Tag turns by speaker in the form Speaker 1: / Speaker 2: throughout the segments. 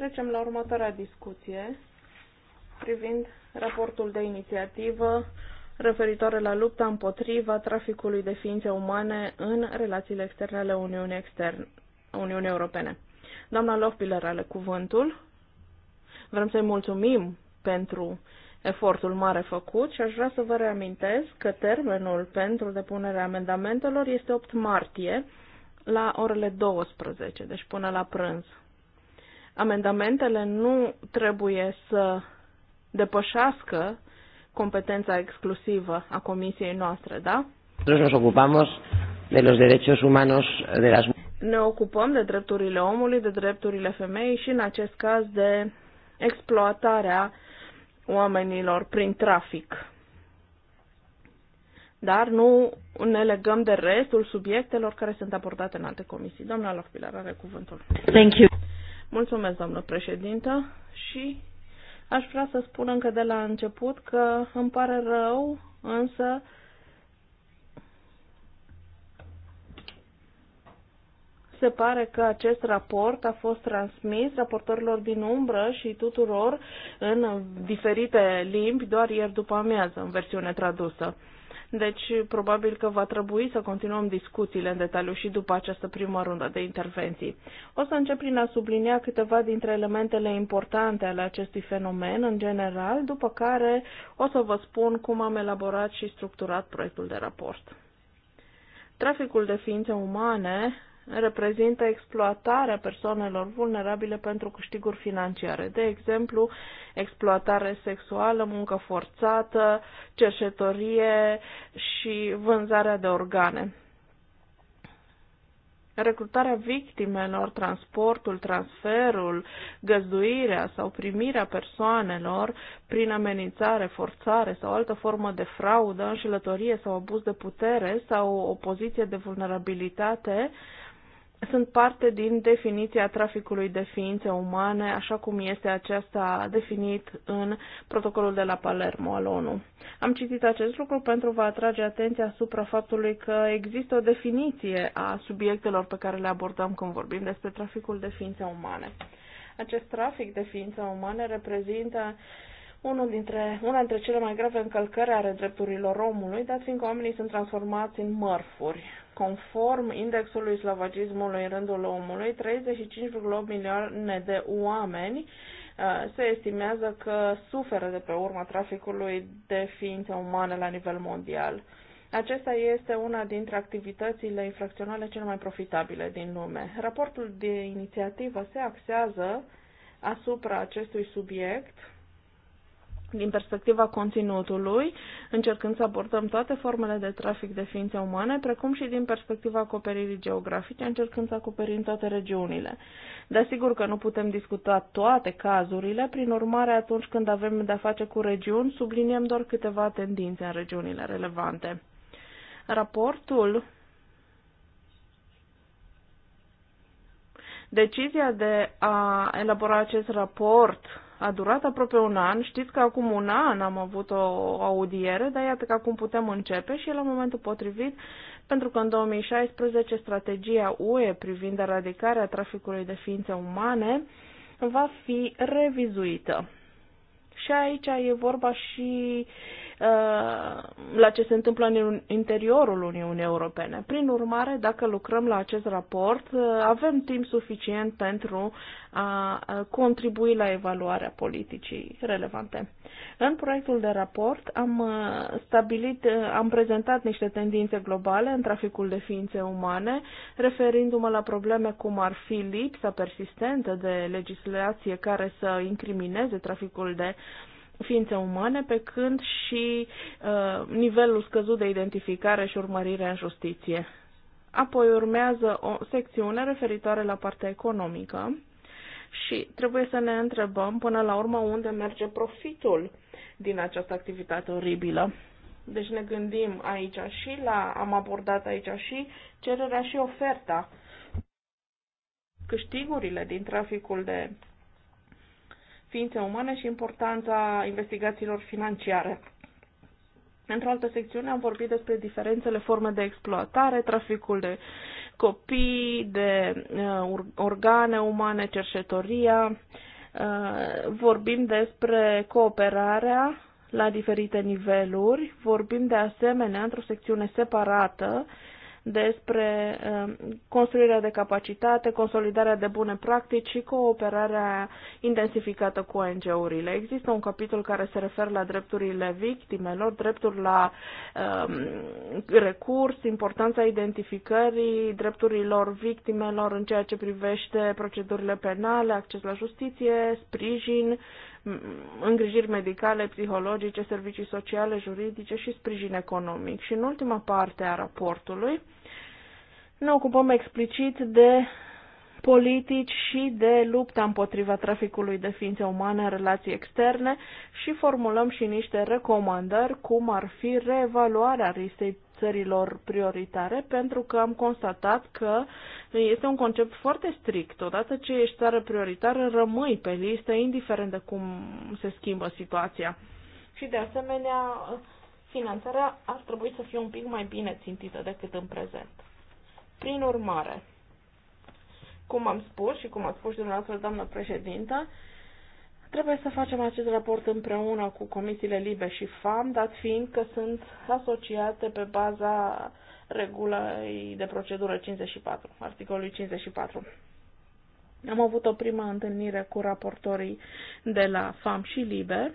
Speaker 1: Trecem la următoarea discuție privind raportul de inițiativă referitoare la lupta împotriva traficului de ființe umane în relațiile externe ale Uniunii, extern, Uniunii Europene. Doamna Lofpiller are cuvântul. Vrem să-i mulțumim pentru efortul mare făcut și aș vrea să vă reamintesc că termenul pentru depunerea amendamentelor este 8 martie la orele 12, deci până la prânz. Amendamentele nu trebuie să depășească competența exclusivă a comisiei noastre, da?
Speaker 2: nos ocupamos de los derechos humanos de las
Speaker 1: ne ocupăm de drepturile omului, de drepturile femeii și, în acest caz, de exploatarea oamenilor prin trafic. Dar nu ne legăm de restul subiectelor care sunt abordate în alte comisii. Doamna Lofpilar are cuvântul. Thank you. Mulțumesc, doamnă președintă, și aș vrea să spun încă de la început că îmi pare rău, însă se pare că acest raport a fost transmis raportorilor din umbră și tuturor în diferite limbi doar ieri după amiază, în versiune tradusă. Deci, probabil că va trebui să continuăm discuțiile în detaliu și după această primă rundă de intervenții. O să încep prin a sublinia câteva dintre elementele importante ale acestui fenomen în general, după care o să vă spun cum am elaborat și structurat proiectul de raport. Traficul de ființe umane reprezintă exploatarea persoanelor vulnerabile pentru câștiguri financiare, de exemplu, exploatare sexuală, muncă forțată, cerșetorie și vânzarea de organe. Recrutarea victimelor, transportul, transferul, găzduirea sau primirea persoanelor prin amenințare, forțare sau altă formă de fraudă, înșelătorie sau abuz de putere sau o poziție de vulnerabilitate uh, sunt parte din definiția traficului de ființe umane, așa cum este aceasta definit în protocolul de la Palermo al ONU. Am citit acest lucru pentru a atrage atenția asupra faptului că există o definiție a subiectelor pe care le abordăm când vorbim despre traficul de ființe umane. Acest trafic de ființe umane reprezintă uh, unul dintre, una dintre cele mai grave încălcări ale drepturilor omului, dat fiindcă oamenii sunt transformați în mărfuri. Conform indexului slavagismului în rândul omului, 35,8 milioane de oameni uh, se estimează că suferă de pe urma traficului de ființe umane la nivel mondial. Acesta este una dintre activitățile infracționale cele mai profitabile din lume. Raportul de inițiativă se axează asupra acestui subiect din perspectiva conținutului, încercând să abordăm toate formele de trafic de ființe umane, precum și din perspectiva acoperirii geografice, încercând să acoperim toate regiunile. Dar sigur că nu putem discuta toate cazurile, prin urmare, atunci când avem de-a face cu regiuni, subliniem doar câteva tendințe în regiunile relevante. Raportul Decizia de a elabora acest raport a durat aproape un an. Știți că acum un an am avut o audiere, dar iată că acum putem începe și e la momentul potrivit, pentru că în 2016 strategia UE privind eradicarea traficului de ființe umane va fi revizuită. Și aici e vorba și Uh, la ce se întâmplă în interiorul Uniunii Europene. Prin urmare, dacă lucrăm la acest raport, uh, avem timp suficient pentru a contribui la evaluarea politicii relevante. În proiectul de raport am uh, stabilit, am prezentat niște tendințe globale în traficul de ființe umane, referindu-mă la probleme cum ar fi lipsa persistentă de legislație care să incrimineze traficul de uh, ființe umane, pe când și uh, nivelul scăzut de identificare și urmărire în justiție. Apoi urmează o secțiune referitoare la partea economică și trebuie să ne întrebăm până la urmă unde merge profitul din această activitate oribilă. Deci ne gândim aici și la, am abordat aici și cererea și oferta. Câștigurile din traficul de ființe umane și importanța investigațiilor financiare. Într-o altă secțiune am vorbit despre diferențele forme de exploatare, traficul de copii, de uh, organe umane, cercetoria. Uh, vorbim despre cooperarea la diferite niveluri. Vorbim de asemenea, într-o secțiune separată, uh, despre um, construirea de capacitate, consolidarea de bune practici și cooperarea intensificată cu ONG-urile. Există un capitol care se referă la drepturile victimelor, dreptul la um, recurs, importanța identificării drepturilor victimelor în ceea ce privește procedurile penale, acces la justiție, sprijin îngrijiri medicale, psihologice, servicii sociale, juridice și sprijin economic. Și în ultima parte a raportului ne ocupăm explicit de politici și de lupta împotriva traficului de ființe umane în relații externe și formulăm și niște recomandări cum ar fi reevaluarea risei țărilor prioritare, pentru că am constatat că este un concept foarte strict. Odată ce ești țară prioritară, rămâi pe listă, indiferent de cum se schimbă situația. Și de asemenea, finanțarea ar trebui să fie un pic mai bine țintită decât în prezent. Prin urmare, cum am spus și cum a spus dumneavoastră, doamnă președintă, Trebuie să facem acest raport împreună cu comisiile LIBE și FAM, dat fiind că sunt asociate pe baza regulii de procedură 54, articolului 54. Am avut o primă întâlnire cu raportorii de la FAM și LIBE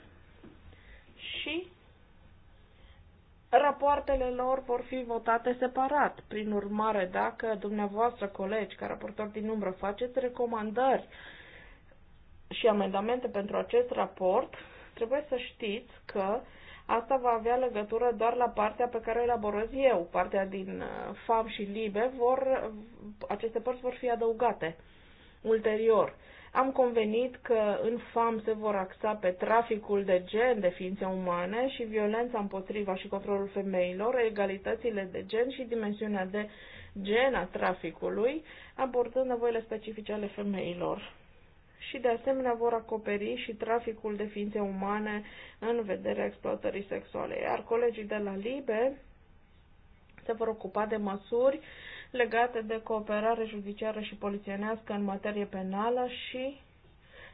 Speaker 1: și rapoartele lor vor fi votate separat. Prin urmare, dacă dumneavoastră, colegi, ca raportor din umbră, faceți recomandări și amendamente pentru acest raport, trebuie să știți că asta va avea legătură doar la partea pe care o elaborez eu. Partea din uh, FAM și LIBE, vor, aceste părți vor fi adăugate ulterior. Am convenit că în FAM se vor axa pe traficul de gen de ființe umane și violența împotriva și controlul femeilor, egalitățile de gen și dimensiunea de gen a traficului, abordând nevoile specifice ale femeilor și de asemenea vor acoperi și traficul de ființe umane în vederea exploatării sexuale. Iar colegii de la LIBE se vor ocupa de măsuri legate de cooperare judiciară și polițienească în materie penală și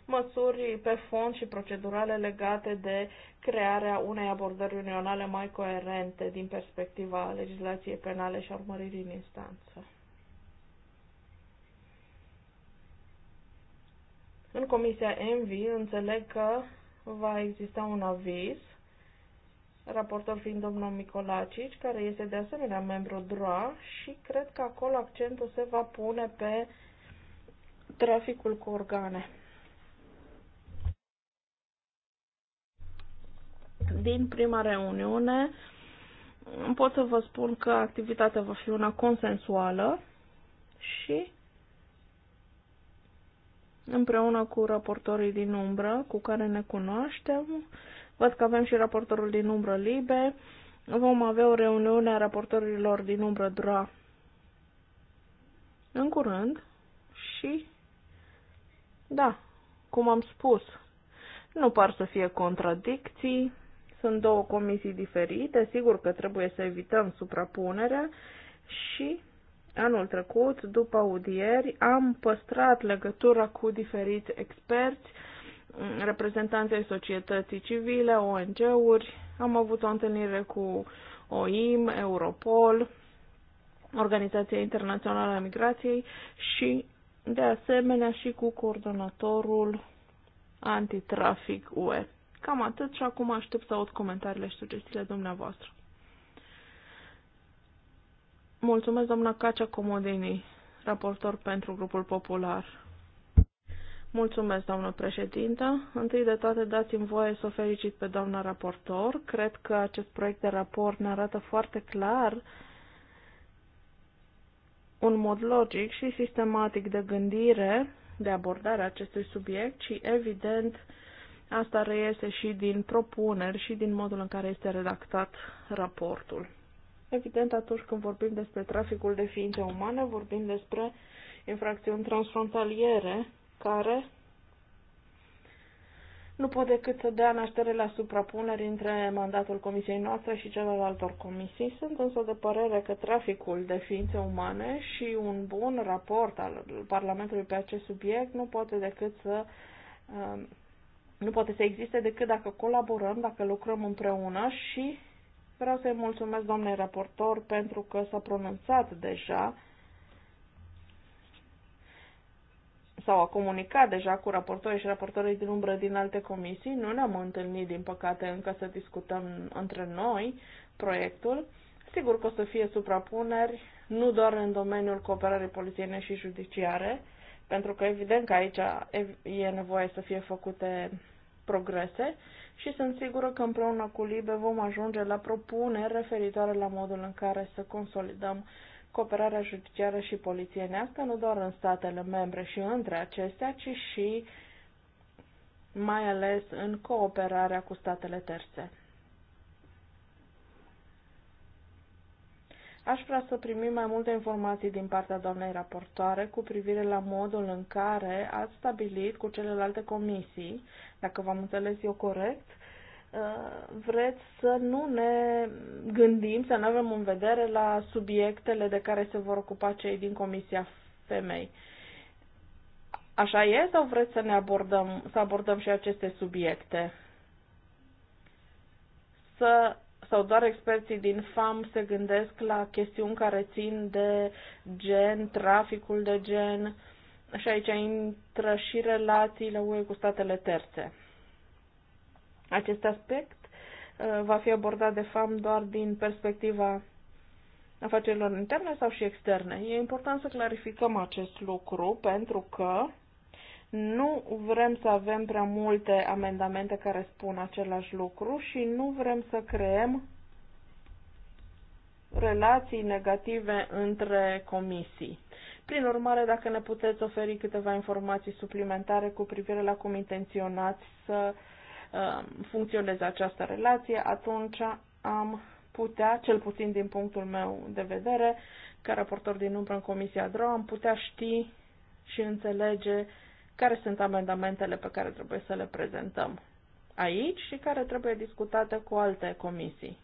Speaker 1: măsuri pe fond și procedurale legate de crearea unei abordări unionale mai coerente din perspectiva legislației penale și a urmăririi în instanță. În Comisia ENVI înțeleg că va exista un aviz, raportor fiind domnul Micolacici, care este de asemenea membru DROA și cred că acolo accentul se va pune pe traficul cu organe. Din prima reuniune pot să vă spun că activitatea va fi una consensuală și împreună cu raportorii din umbră cu care ne cunoaștem. Văd că avem și raportorul din umbră libe. Vom avea o reuniune a raportorilor din umbră DRA în curând și, da, cum am spus, nu par să fie contradicții, sunt două comisii diferite, sigur că trebuie să evităm suprapunerea și anul trecut, după audieri, am păstrat legătura cu diferiți experți, reprezentanții societății civile, ONG-uri, am avut o întâlnire cu OIM, Europol, Organizația Internațională a Migrației și, de asemenea, și cu coordonatorul antitrafic UE. Cam atât și acum aștept să aud comentariile și sugestiile dumneavoastră. Mulțumesc, doamna Cacea Comodini, raportor pentru grupul popular. Mulțumesc, doamnă președintă. Întâi de toate, dați-mi voie să o felicit pe doamna raportor. Cred că acest proiect de raport ne arată foarte clar un mod logic și sistematic de gândire, de abordare a acestui subiect și, evident, asta reiese și din propuneri și din modul în care este redactat raportul. Evident, atunci când vorbim despre traficul de ființe umane, vorbim despre infracțiuni transfrontaliere care nu pot decât să dea naștere la suprapuneri între mandatul comisiei noastre și cel al altor comisii. Sunt însă de părere că traficul de ființe umane și un bun raport al Parlamentului pe acest subiect nu poate decât să um, nu poate să existe decât dacă colaborăm, dacă lucrăm împreună și Vreau să-i mulțumesc doamnei raportor pentru că s-a pronunțat deja sau a comunicat deja cu raportorii și raportorii din umbră din alte comisii. Nu ne-am întâlnit, din păcate, încă să discutăm între noi proiectul. Sigur că o să fie suprapuneri, nu doar în domeniul cooperării polițiene și judiciare, pentru că evident că aici e nevoie să fie făcute progrese, și sunt sigură că împreună cu Libe vom ajunge la propuneri referitoare la modul în care să consolidăm cooperarea judiciară și polițienească, nu doar în statele membre și între acestea, ci și mai ales în cooperarea cu statele terțe. Aș vrea să primim mai multe informații din partea doamnei raportoare cu privire la modul în care ați stabilit cu celelalte comisii, dacă v-am înțeles eu corect, uh, vreți să nu ne gândim, să nu avem în vedere la subiectele de care se vor ocupa cei din Comisia Femei. Așa e sau vreți să ne abordăm, să abordăm și aceste subiecte? Să sau doar experții din FAM se gândesc la chestiuni care țin de gen, traficul de gen și aici intră și relațiile UE cu statele terțe. Acest aspect uh, va fi abordat de FAM doar din perspectiva afacerilor interne sau și externe. E important să clarificăm acest lucru pentru că nu vrem să avem prea multe amendamente care spun același lucru și nu vrem să creăm relații negative între comisii. Prin urmare, dacă ne puteți oferi câteva informații suplimentare cu privire la cum intenționați să um, funcționeze această relație, atunci am putea, cel puțin din punctul meu de vedere, ca raportor din umbră în Comisia DRO, am putea ști și înțelege uh, care sunt amendamentele pe care trebuie să le prezentăm aici și care trebuie discutate cu alte comisii.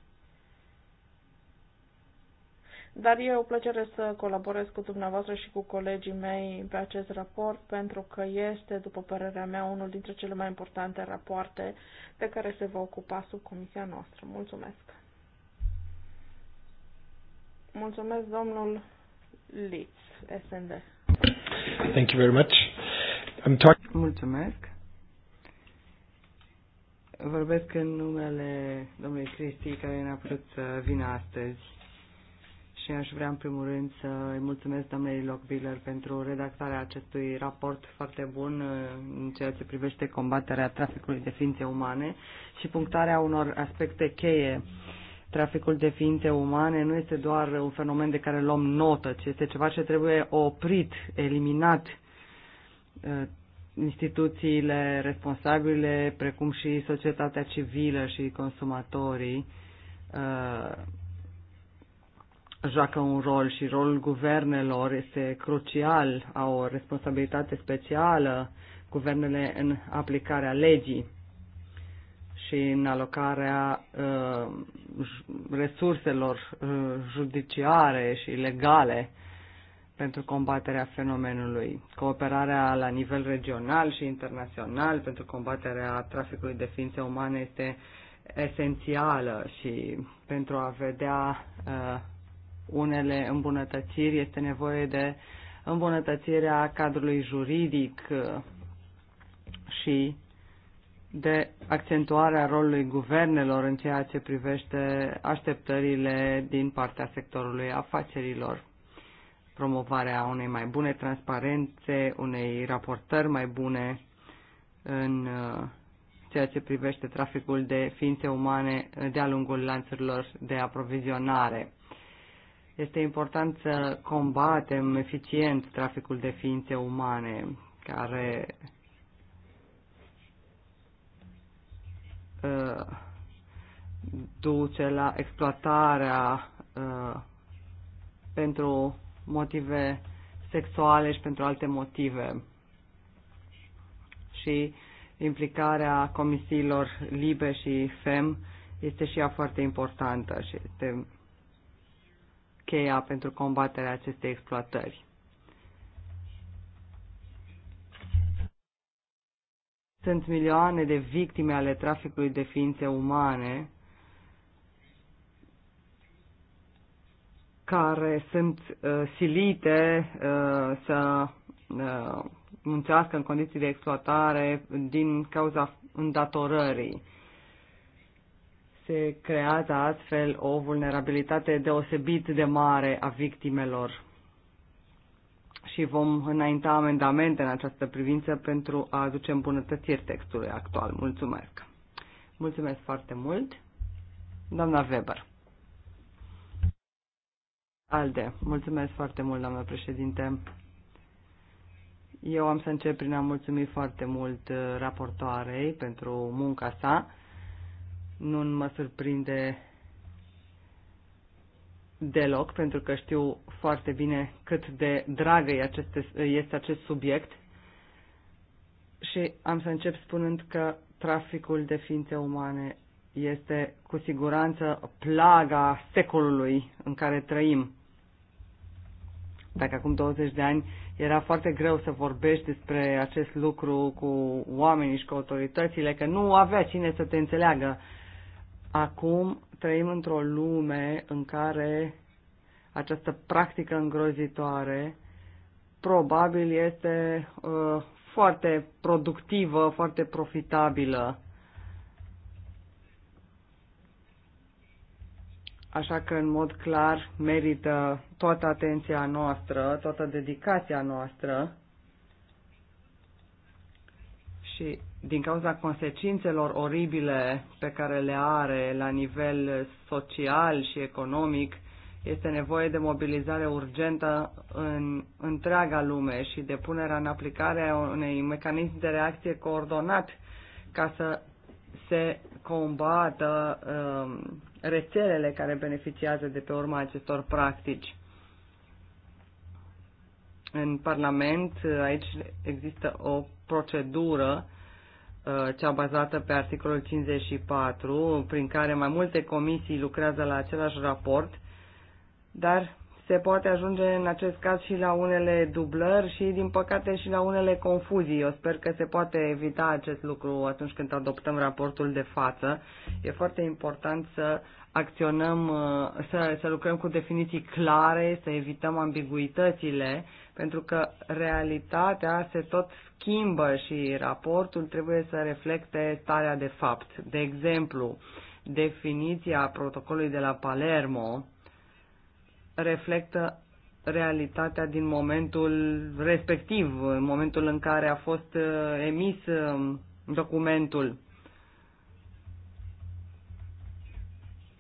Speaker 1: Dar e o plăcere să colaborez cu dumneavoastră și cu colegii mei pe acest raport, pentru că este, după părerea mea, unul dintre cele mai importante rapoarte de care se va ocupa sub comisia noastră. Mulțumesc! Mulțumesc, domnul Litz, SND.
Speaker 3: Thank you very much. Mulțumesc. Vorbesc în numele domnului Cristi, care ne a putut să vină astăzi. Și aș vrea, în primul rând, să îi mulțumesc doamnei Lockbiller pentru redactarea acestui raport foarte bun uh, în ceea ce privește combaterea traficului de ființe umane și punctarea unor aspecte cheie. Traficul de ființe umane nu este doar un fenomen de care luăm notă, ci este ceva ce trebuie oprit, eliminat uh, instituțiile responsabile, precum și societatea civilă și consumatorii, uh, joacă un rol și rolul guvernelor este crucial, au o responsabilitate specială guvernele în aplicarea legii și în alocarea uh, resurselor uh, judiciare și legale uh, pentru combaterea fenomenului, cooperarea la nivel regional și internațional pentru combaterea traficului de ființe umane este esențială și pentru a vedea uh, unele îmbunătățiri este nevoie de îmbunătățirea cadrului juridic uh, și de accentuarea rolului guvernelor în ceea ce privește așteptările din partea sectorului afacerilor promovarea unei mai bune transparențe, unei raportări mai bune în uh, ceea ce privește traficul de ființe umane de-a lungul lanțurilor de aprovizionare. Este important să combatem eficient traficul de ființe umane, care uh, duce la exploatarea uh, pentru motive sexuale și pentru alte motive. Și implicarea comisiilor LIBE și FEM este și ea foarte importantă și este cheia pentru combaterea acestei exploatări. Sunt milioane de victime ale traficului de ființe umane care sunt uh, silite uh, să uh, muncească în condiții de exploatare din cauza îndatorării. Se creează astfel o vulnerabilitate deosebit de mare a victimelor și vom înainta amendamente în această privință pentru a aduce îmbunătățiri textului actual. Mulțumesc! Mulțumesc foarte mult! Doamna Weber. ALDE. Mulțumesc foarte mult, doamnă președinte. Eu am să încep prin a mulțumi foarte mult uh, raportoarei pentru munca sa. Nu mă surprinde deloc, pentru că știu foarte bine cât de dragă este acest subiect. Și am să încep spunând că traficul de ființe umane este cu siguranță plaga secolului în care trăim. Dacă acum 20 de ani era foarte greu să vorbești despre acest lucru cu oamenii și cu autoritățile, că nu avea cine să te înțeleagă. Acum trăim într-o lume în care această practică îngrozitoare probabil este uh, foarte productivă, foarte profitabilă Așa că, în mod clar, merită toată atenția noastră, toată dedicația noastră și din cauza consecințelor oribile pe care le are la nivel social și economic, este nevoie de mobilizare urgentă în întreaga lume și de punerea în aplicare a unei mecanism de reacție coordonat ca să se combată um, rețelele care beneficiază de pe urma acestor practici. În Parlament, aici există o procedură uh, cea bazată pe articolul 54, prin care mai multe comisii lucrează la același raport, dar se poate ajunge în acest caz și la unele dublări și, din păcate, și la unele confuzii. Eu sper că se poate evita acest lucru atunci când adoptăm raportul de față. E foarte important să acționăm, uh, să, să lucrăm cu definiții clare, să evităm ambiguitățile, pentru că realitatea se tot schimbă și raportul trebuie să reflecte starea de fapt. De exemplu, definiția protocolului de la Palermo, reflectă realitatea din momentul respectiv, în momentul în care a fost uh, emis um, documentul.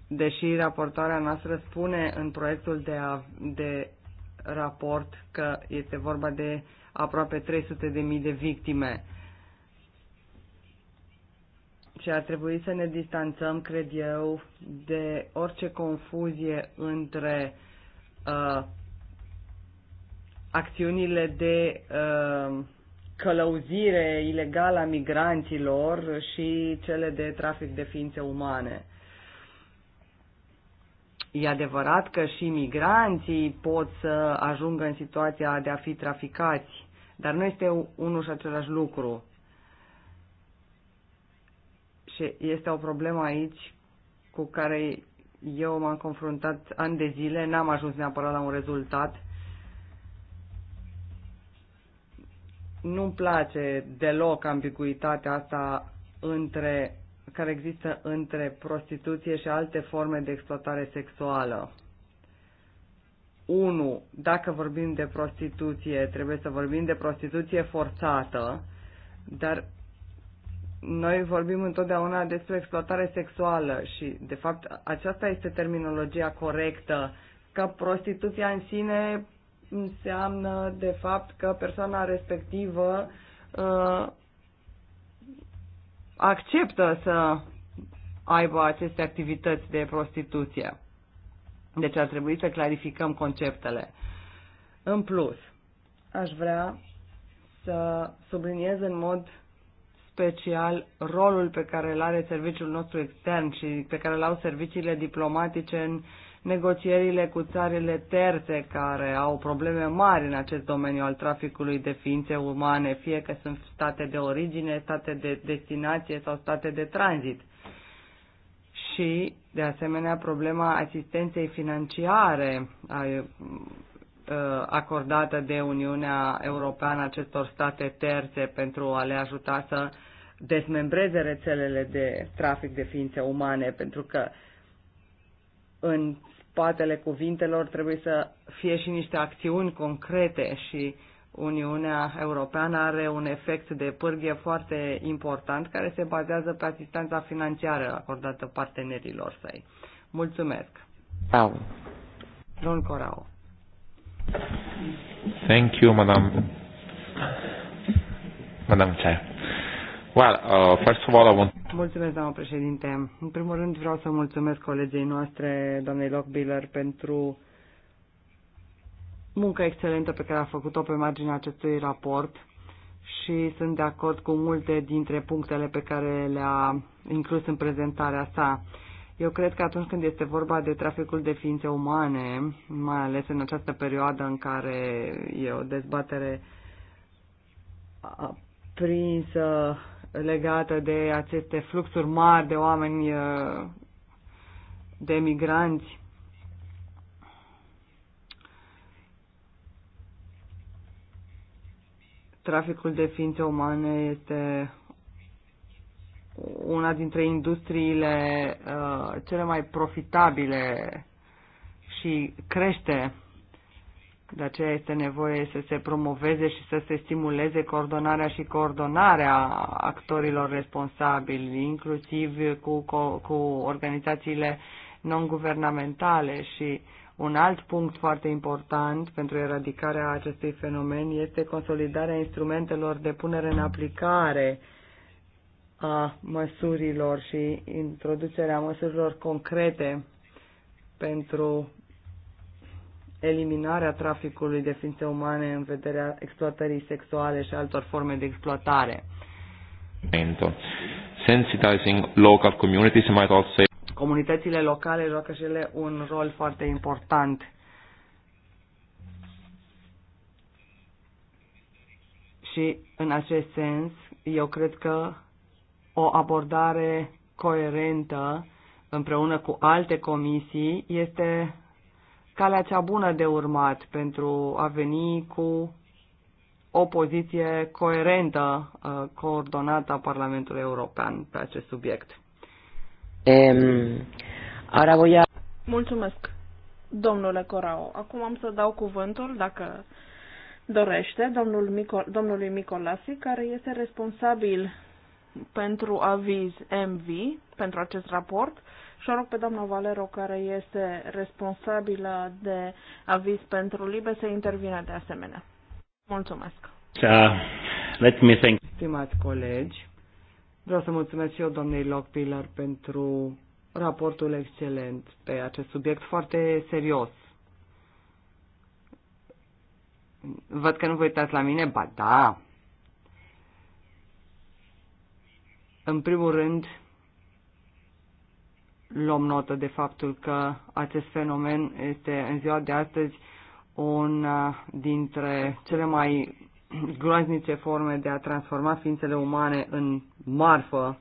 Speaker 3: Deși raportarea noastră spune în proiectul de, a, de raport că este vorba de aproape 300.000 de, mii de victime. Și ar trebui să ne distanțăm, cred eu, de orice confuzie între uh, uh, acțiunile de uh, călăuzire ilegală a migranților și cele de trafic de ființe umane. E adevărat că și migranții pot să ajungă în situația de a fi traficați, dar nu este unul și același lucru. Și este o problemă aici cu care eu m-am confruntat ani de zile, n-am ajuns neapărat la un rezultat. Nu-mi place deloc ambiguitatea asta între, care există între prostituție și alte forme de exploatare sexuală. 1. Dacă vorbim de prostituție, trebuie să vorbim de prostituție forțată, dar noi vorbim întotdeauna despre exploatare sexuală și, de fapt, aceasta este terminologia corectă, că prostituția în sine înseamnă, de fapt, că persoana respectivă uh, acceptă să aibă aceste activități de prostituție. Deci ar trebui să clarificăm conceptele. În plus, aș vrea să subliniez în mod special rolul pe care îl are serviciul nostru extern și pe care îl au serviciile diplomatice în negocierile cu țările terțe care au probleme mari în acest domeniu al traficului de ființe umane, fie că sunt state de origine, state de destinație sau state de tranzit. Și, de asemenea, problema asistenței financiare a Uh, acordată de Uniunea Europeană acestor state terțe pentru a le ajuta să desmembreze rețelele de trafic de ființe umane, pentru că în spatele cuvintelor trebuie să fie și niște acțiuni concrete și Uniunea Europeană are un efect de pârghie foarte important care se bazează pe asistența financiară acordată partenerilor săi. Mulțumesc! Au. Don Corau.
Speaker 2: Thank you, Madam. Madam Chair. Well, uh, first of all, I want...
Speaker 3: Mulțumesc, doamnă președinte. În primul rând vreau să mulțumesc colegii noastre, doamnei Lockbiller, pentru munca excelentă pe care a făcut-o pe marginea acestui raport și sunt de acord cu multe dintre punctele pe care le-a inclus în prezentarea sa. Eu cred că atunci când este vorba de traficul de ființe umane, mai ales în această perioadă în care e o dezbatere prinsă legată de aceste fluxuri mari de oameni, uh, de migranți, traficul de ființe umane este una dintre industriile uh, cele mai profitabile și crește. De aceea este nevoie să se promoveze și să se stimuleze coordonarea și coordonarea actorilor responsabili, inclusiv cu, cu, organizațiile non-guvernamentale și un alt punct foarte important pentru eradicarea acestui fenomen este consolidarea instrumentelor de punere în aplicare uh, a măsurilor și introducerea măsurilor concrete pentru eliminarea traficului de ființe umane în vederea exploatării sexuale și altor forme de exploatare.
Speaker 2: Sensitizing local communities might also
Speaker 3: Comunitățile locale joacă și ele un rol foarte important. Și în acest sens, eu cred că o abordare coerentă împreună cu alte comisii este calea cea bună de urmat pentru a veni cu o poziție coerentă, uh, coordonată a Parlamentului European pe acest subiect.
Speaker 2: Um, a...
Speaker 1: Mulțumesc, domnule Corao. Acum am să dau cuvântul, dacă dorește, domnul Mico- domnului Micolasi, care este responsabil pentru aviz MV, pentru acest raport, și o rog pe doamna Valero, care este responsabilă de aviz pentru LIBE, să intervină de asemenea. Mulțumesc.
Speaker 3: Uh, let me thank. Stimați colegi, vreau să mulțumesc și eu doamnei Lockpiller pentru raportul excelent pe acest subiect foarte serios. Văd că nu vă uitați la mine, ba da, În primul rând, luăm notă de faptul că acest fenomen este în ziua de astăzi una dintre cele mai groaznice forme de a transforma ființele umane în marfă.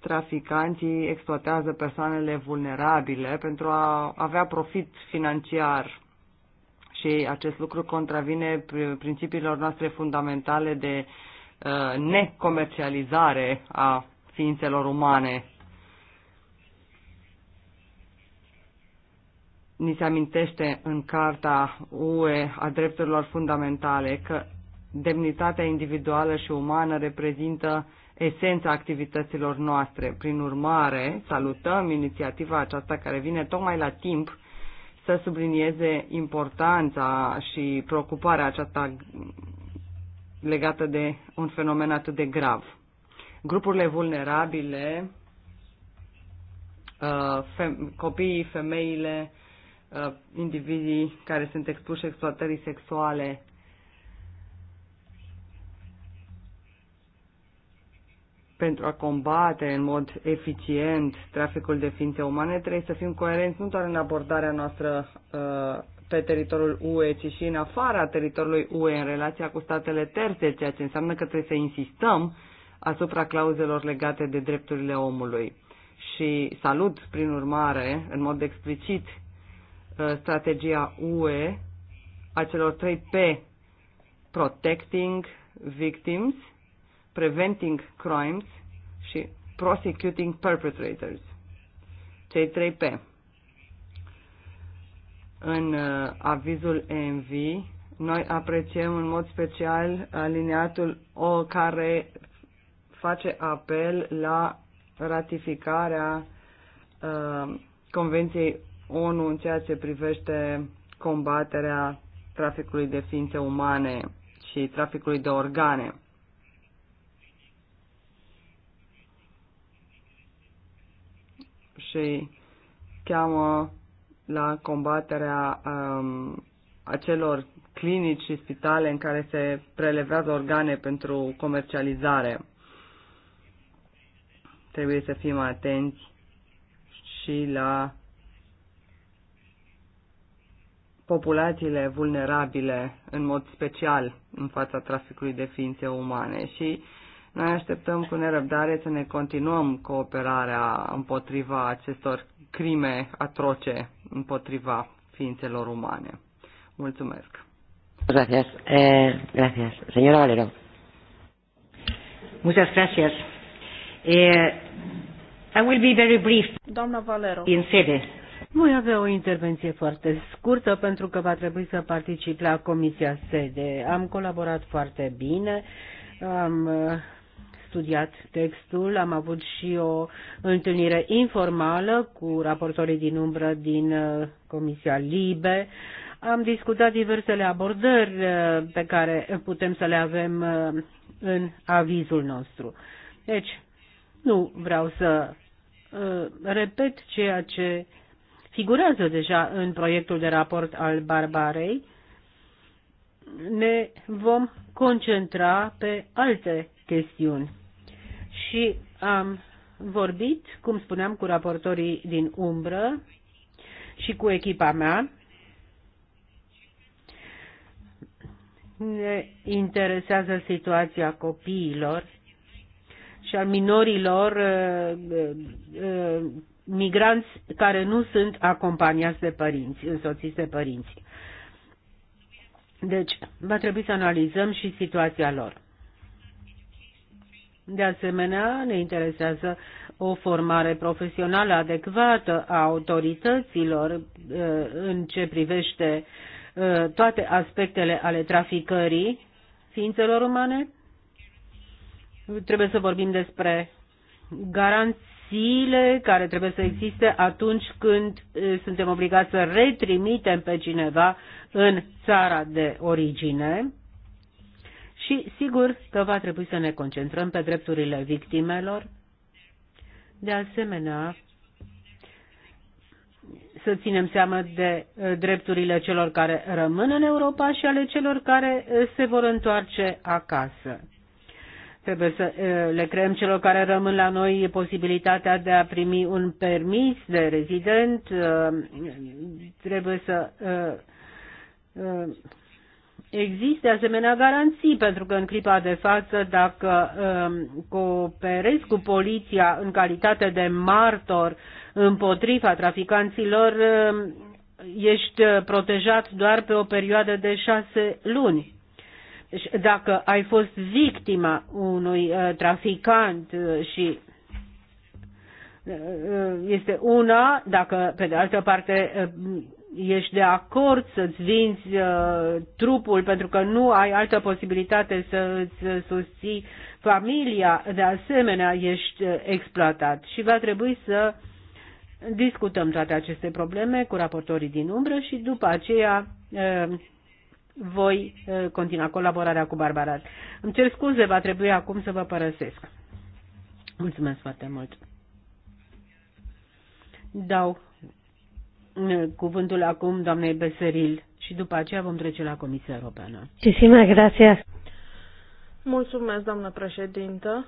Speaker 3: Traficanții exploatează persoanele vulnerabile pentru a avea profit financiar și acest lucru contravine principiilor noastre fundamentale de uh, Uh, necomercializare a ființelor umane. Ni se amintește în Carta UE a drepturilor fundamentale că demnitatea individuală și umană reprezintă esența activităților noastre. Prin urmare, salutăm inițiativa aceasta care vine tocmai la timp să sublinieze importanța și preocuparea aceasta legată de un fenomen atât de grav. Grupurile vulnerabile, uh, copiii, femeile, uh, indivizii care sunt expuși exploatării sexuale, pentru a combate în mod eficient traficul de ființe umane, trebuie să fim coerenți nu doar în abordarea noastră uh, pe teritoriul UE, ci și în afara teritoriului UE, în relația cu statele terțe, ceea ce înseamnă că trebuie să insistăm asupra clauzelor legate de drepturile omului. Și salut, prin urmare, în mod explicit, uh, strategia UE a celor trei P, Protecting Victims, Preventing Crimes și Prosecuting Perpetrators. Cei trei P în uh, avizul EMV, noi apreciem în mod special alineatul O care face apel la ratificarea uh, Convenției ONU în ceea ce privește combaterea traficului de ființe umane și traficului de organe. Și cheamă la combaterea um, acelor clinici și spitale în care se prelevează organe pentru comercializare. Trebuie să fim atenți și la populațiile vulnerabile în mod special în fața traficului de ființe umane și noi așteptăm cu nerăbdare să ne continuăm cooperarea împotriva acestor crime atroce împotriva ființelor umane. Mulțumesc.
Speaker 2: Gracias. Eh, gracias. Señora Valero. Muchas gracias.
Speaker 4: Eh, I will be very brief. Doamna Valero. In sede. Voi avea o intervenție foarte scurtă pentru că va trebui să particip la Comisia Sede. Am colaborat foarte bine, am uh, studiat textul, am avut și o întâlnire informală cu raportorii din umbră din uh, Comisia Libe. Am discutat diversele abordări uh, pe care putem să le avem uh, în avizul nostru. Deci, nu vreau să repet ceea ce figurează deja în proiectul de raport al Barbarei, ne vom concentra pe alte chestiuni. Și am vorbit, cum spuneam, cu raportorii din umbră și cu echipa mea. Ne interesează situația copiilor și al minorilor uh, uh, uh, migranți care nu sunt acompaniați de părinți, însoțiți de părinți. Deci, va trebui să analizăm și situația lor. De asemenea, ne interesează o formare profesională adecvată a autorităților uh, în ce privește uh, toate aspectele ale traficării ființelor umane. Trebuie să vorbim despre garanțiile care trebuie să existe atunci când uh, suntem obligați să retrimitem pe cineva în țara de origine. Și sigur că va trebui să ne concentrăm pe drepturile victimelor. De asemenea, să ținem seama de uh, drepturile celor care rămân în Europa și ale celor care uh, se vor întoarce acasă. Trebuie să uh, le creăm celor care rămân la noi posibilitatea de a primi un permis de rezident. Trebuie să existe asemenea garanții, pentru că în clipa de față, dacă um, cooperezi cu poliția în calitate de martor împotriva traficanților, um, ești uh, protejat doar pe o perioadă de șase luni. Deci, dacă ai fost victima unui uh, traficant uh, și este una, dacă pe de altă parte ești de acord să-ți vinzi uh, trupul pentru că nu ai altă posibilitate să îți susții familia, de asemenea ești uh, exploatat și va trebui să discutăm toate aceste probleme cu raportorii din umbră și după aceea uh, voi uh, continua colaborarea cu Barbara. Îmi cer scuze, va trebui acum să vă părăsesc. Mulțumesc foarte mult. Dau cuvântul acum doamnei Beseril și după aceea vom trece la Comisia Europeană.
Speaker 2: Muchísimas gracias.
Speaker 1: Mulțumesc, doamnă președintă.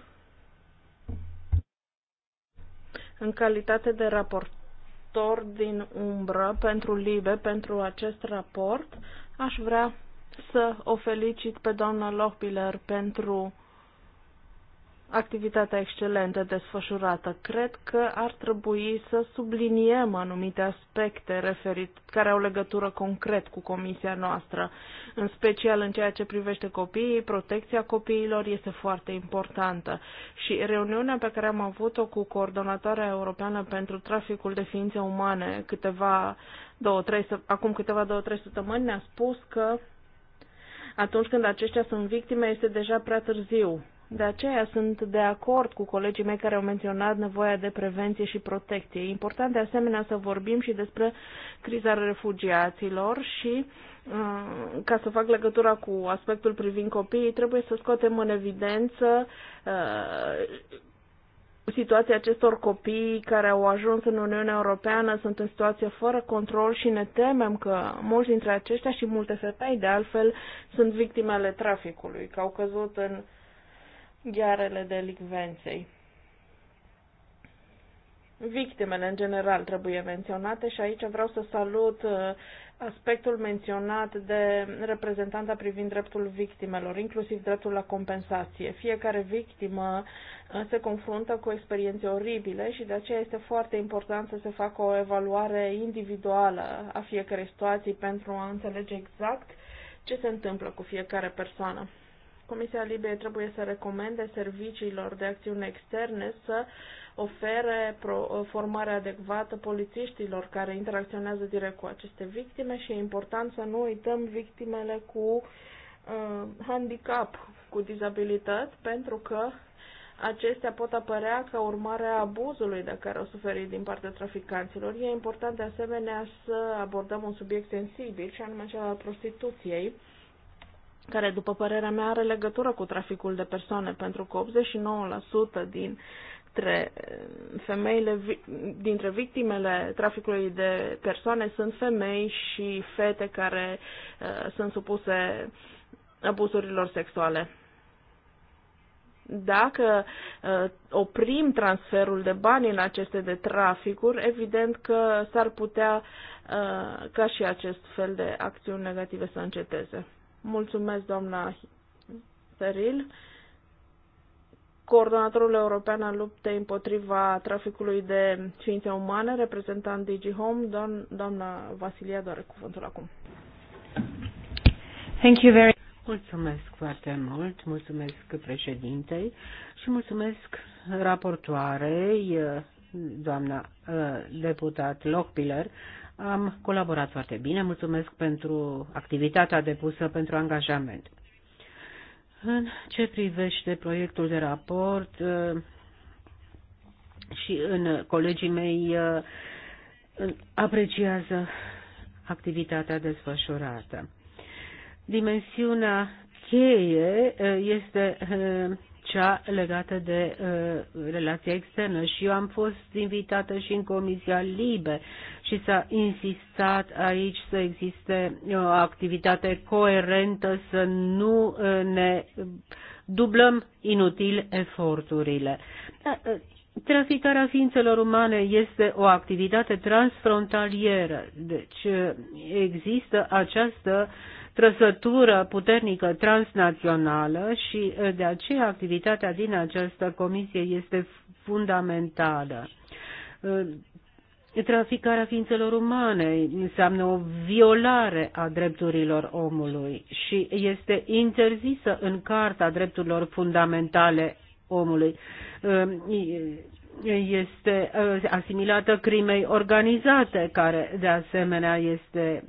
Speaker 1: În calitate de raportor din umbră pentru LIBE, pentru acest raport, aș vrea să o felicit pe doamna Lochbiller pentru activitatea excelentă desfășurată. Cred că ar trebui să subliniem anumite aspecte referit, care au legătură concret cu comisia noastră, în special în ceea ce privește copiii, protecția copiilor este foarte importantă și reuniunea pe care am avut-o cu coordonatoarea europeană pentru traficul de ființe umane câteva, două, trei, acum câteva două, trei săptămâni ne-a spus că atunci când aceștia sunt victime este deja prea târziu de aceea sunt de acord cu colegii mei care au menționat nevoia de prevenție și protecție. E important de asemenea să vorbim și despre criza refugiaților și uh, ca să fac legătura cu aspectul privind copiii, trebuie să scoatem în evidență uh, situația acestor copii care au ajuns în Uniunea Europeană sunt în situație fără control și ne temem că mulți dintre aceștia și multe fetei, de altfel, sunt victimele traficului, că au căzut în uh, ghearele delicvenței. Victimele, în general, trebuie menționate și aici vreau să salut uh, aspectul menționat de reprezentanta privind dreptul victimelor, inclusiv dreptul la compensație. Fiecare victimă uh, se confruntă cu experiențe oribile și de aceea este foarte important să se facă o evaluare individuală a fiecărei situații pentru a înțelege exact ce se întâmplă cu fiecare persoană. Comisia Libe trebuie să recomande serviciilor de acțiune externe să ofere formare adecvată polițiștilor care interacționează direct cu aceste victime și e important să nu uităm victimele cu uh, handicap, cu dizabilități, pentru că acestea pot apărea ca urmare a abuzului de care au suferit din partea traficanților. E important de asemenea să abordăm un subiect sensibil, și anume cel al prostituției, care, după părerea mea, are legătură cu traficul de persoane, pentru că 89% din dintre eh, femeile, dintre victimele traficului de persoane sunt femei și fete care uh, sunt supuse abuzurilor sexuale. Dacă uh, oprim transferul de bani în aceste de traficuri, evident că s-ar putea uh, ca și acest fel de acțiuni negative să înceteze. Mulțumesc, doamna Feril. Coordonatorul european al luptei împotriva traficului de ființe umane, reprezentant DigiHome, doamna, doamna Vasilia, doare cuvântul acum.
Speaker 4: Thank you very Mulțumesc foarte mult, mulțumesc președintei și mulțumesc raportoarei, doamna uh, deputat Lockpiller, am colaborat foarte bine, mulțumesc pentru activitatea depusă, pentru angajament. În ce privește proiectul de raport eh, și în colegii mei eh, apreciază activitatea desfășurată. Dimensiunea cheie eh, este cea legată de uh, relația externă și eu am fost invitată și în Comisia Libe și s-a insistat aici să existe o uh, activitate coerentă, să nu uh, ne dublăm inutil eforturile. Da, uh, Traficarea ființelor umane este o activitate transfrontalieră, deci uh, există această uh, trăsătură puternică transnațională și eh, de aceea activitatea din această comisie este fundamentală. Eh, traficarea ființelor umane înseamnă o violare a drepturilor omului și este interzisă în Carta Drepturilor Fundamentale Omului. Eh, este asimilată crimei organizate, care de asemenea este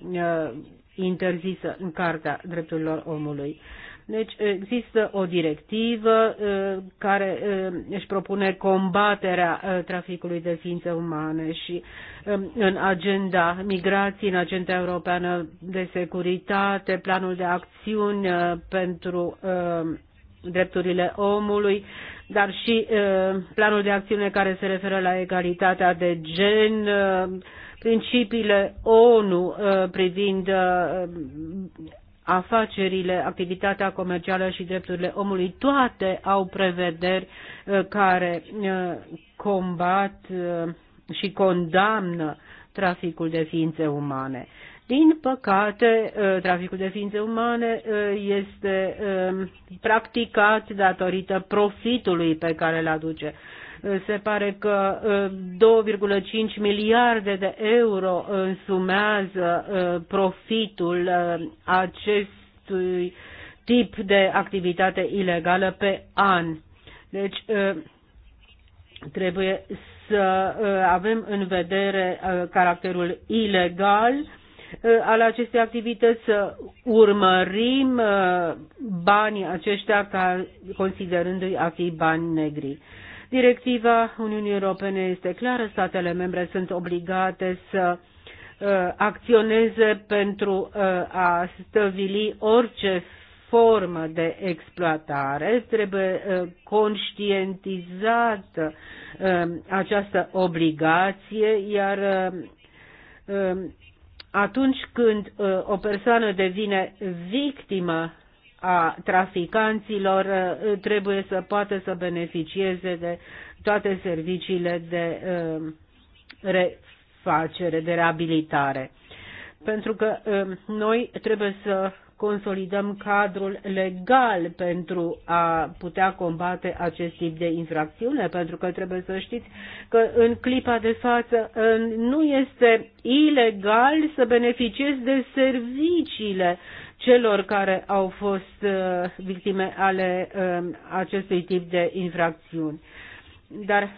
Speaker 4: interzisă în Carta Drepturilor Omului. Deci există o directivă uh, care uh, își propune combaterea uh, traficului de ființe umane și um, în agenda migrației, în agenda europeană de securitate, planul de acțiuni pentru drepturile omului, dar și planul de acțiune care se referă la egalitatea de gen, principiile ONU uh, privind uh, afacerile, activitatea comercială și drepturile omului, toate au prevederi uh, care combat și condamnă traficul de ființe umane. Din păcate, traficul de ființe umane este practicat datorită profitului pe care îl aduce se pare că 2,5 uh, miliarde de euro însumează uh, profitul uh, acestui tip de activitate ilegală pe an. Deci trebuie să avem în vedere caracterul ilegal al acestei activități, să urmărim banii aceștia ca, considerându-i a fi bani negri. Directiva Uniunii Europene este clară, statele membre sunt obligate să uh, acționeze pentru uh, a stăvili orice formă de exploatare, trebuie uh, conștientizată această obligație, iar um, atunci când o persoană devine victimă a traficanților uh, trebuie să poată să beneficieze de toate serviciile de uh, refacere, de reabilitare. Pentru că uh, noi trebuie să consolidăm cadrul legal pentru a putea combate acest tip de infracțiune, pentru că trebuie să știți că în clipa de față nu este ilegal să beneficiezi de serviciile celor care au fost uh, victime ale um, acestui tip de infracțiuni. Dar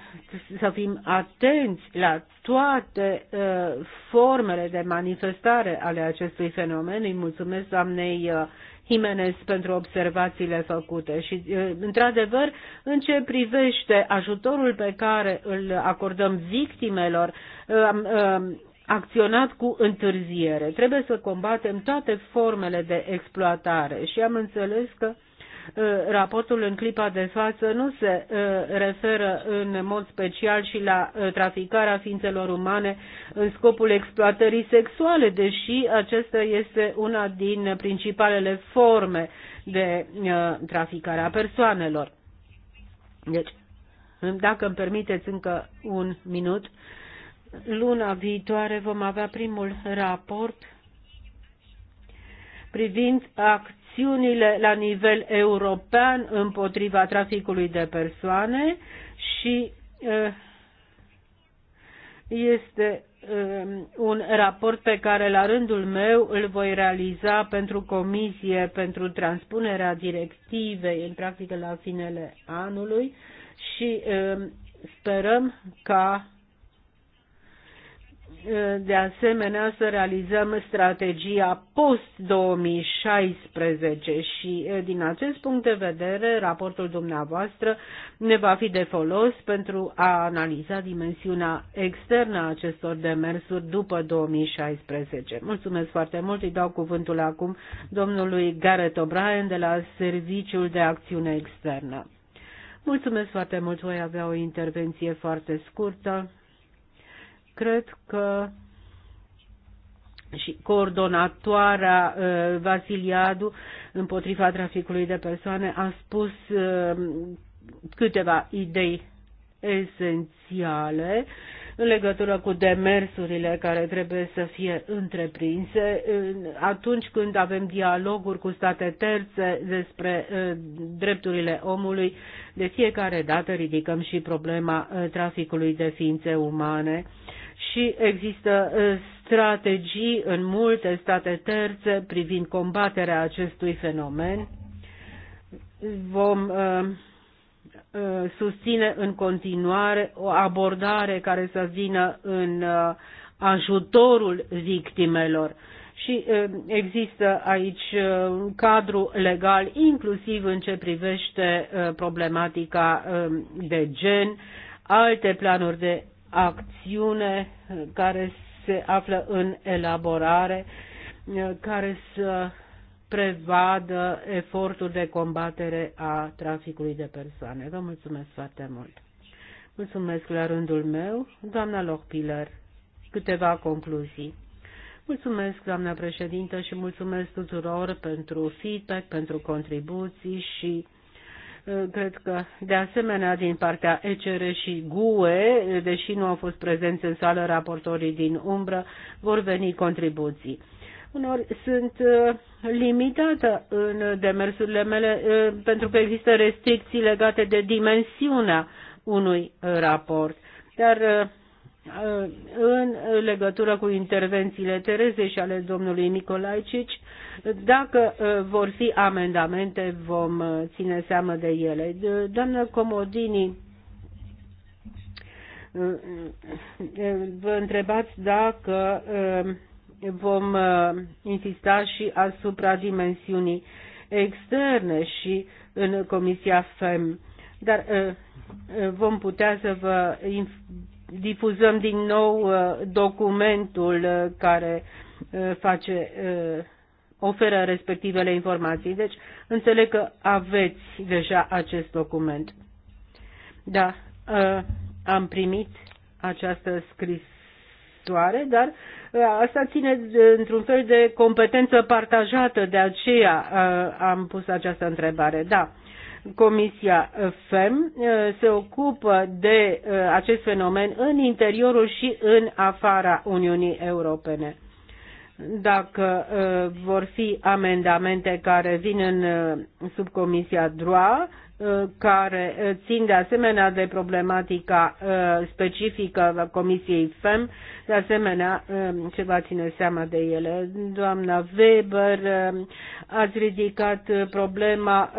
Speaker 4: să fim atenți la toate uh, formele de manifestare ale acestui fenomen. Îi mulțumesc doamnei uh, Jimenez pentru observațiile făcute și, uh, într-adevăr, în ce privește ajutorul pe care îl acordăm victimelor, uh, uh acționat cu întârziere. Trebuie să combatem toate formele de exploatare și am înțeles că uh, raportul în clipa de față nu se uh, referă în mod special și la uh, traficarea ființelor umane în scopul exploatării sexuale, deși acesta este una din principalele forme de traficare a persoanelor. Deci, dacă îmi permiteți încă un minut, Luna viitoare vom avea primul raport privind acțiunile la nivel european împotriva traficului de persoane și uh, este uh, un raport pe care la rândul meu îl voi realiza pentru Comisie pentru transpunerea directivei în practică la finele anului și uh, sperăm ca de asemenea să realizăm strategia post-2016 și din acest punct de vedere raportul dumneavoastră ne va fi de folos pentru a analiza dimensiunea externă a acestor demersuri după 2016. Mulțumesc foarte mult, îi dau cuvântul acum domnului Gareth O'Brien de la Serviciul de Acțiune Externă. Mulțumesc foarte mult, voi avea o intervenție foarte scurtă Cred că și coordonatoarea uh, Vasiliadu împotriva traficului de persoane a spus uh, câteva idei esențiale în legătură cu demersurile care trebuie să fie întreprinse atunci când avem dialoguri cu state terțe despre uh, drepturile omului, de fiecare dată ridicăm și problema uh, traficului de ființe umane și există strategii în multe state terțe privind combaterea acestui fenomen. Vom susține în continuare o abordare care să vină în ajutorul victimelor. Și există aici un cadru legal, inclusiv în ce privește problematica de gen, alte planuri de acțiune care se află în elaborare, care să prevadă efortul de combatere a traficului de persoane. Vă mulțumesc foarte mult. Mulțumesc la rândul meu, doamna Lochpiller. Câteva concluzii. Mulțumesc, doamna președintă, și mulțumesc tuturor pentru feedback, pentru contribuții și Ă, cred că, de asemenea, din partea ECR și GUE, deși nu au fost prezenți în sală raportorii din umbră, vor veni contribuții. Unor sunt ă, limitată în demersurile mele ă, pentru că există restricții legate de dimensiunea unui raport. Dar Uh, în legătură cu intervențiile Tereze și ale domnului Nicolaicici. Dacă uh, vor fi amendamente, vom uh, ține seamă de ele. Doamnă Comodini, vă întrebați dacă vom insista și asupra dimensiunii externe și în Comisia FEM. Dar vom putea să vă difuzăm din nou uh, documentul uh, care uh, face oferă respectivele informații. Deci, înțeleg că aveți deja acest document. Da, am primit această scrisoare, dar asta ține într-un fel de competență partajată, de aceea am pus această întrebare. Da, Comisia uh, FEM uh, se ocupă de uh, acest fenomen în interiorul și în afara Uniunii Europene. Dacă vor fi amendamente care vin în subcomisia DROA, care eh, țin de asemenea de problematica eh, specifică Comisiei FEM, de asemenea ce eh, va ține seama de ele. Doamna Weber, ați ridicat problema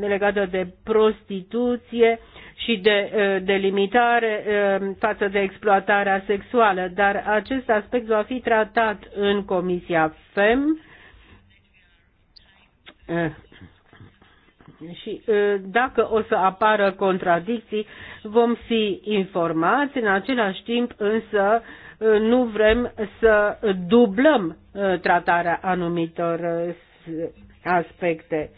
Speaker 4: legată de prostituție și de delimitare față de exploatarea sexuală, dar acest aspect va fi tratat în Comisia FEM și dacă o să apară contradicții, vom fi informați, în același timp însă nu vrem să dublăm tratarea anumitor aspecte.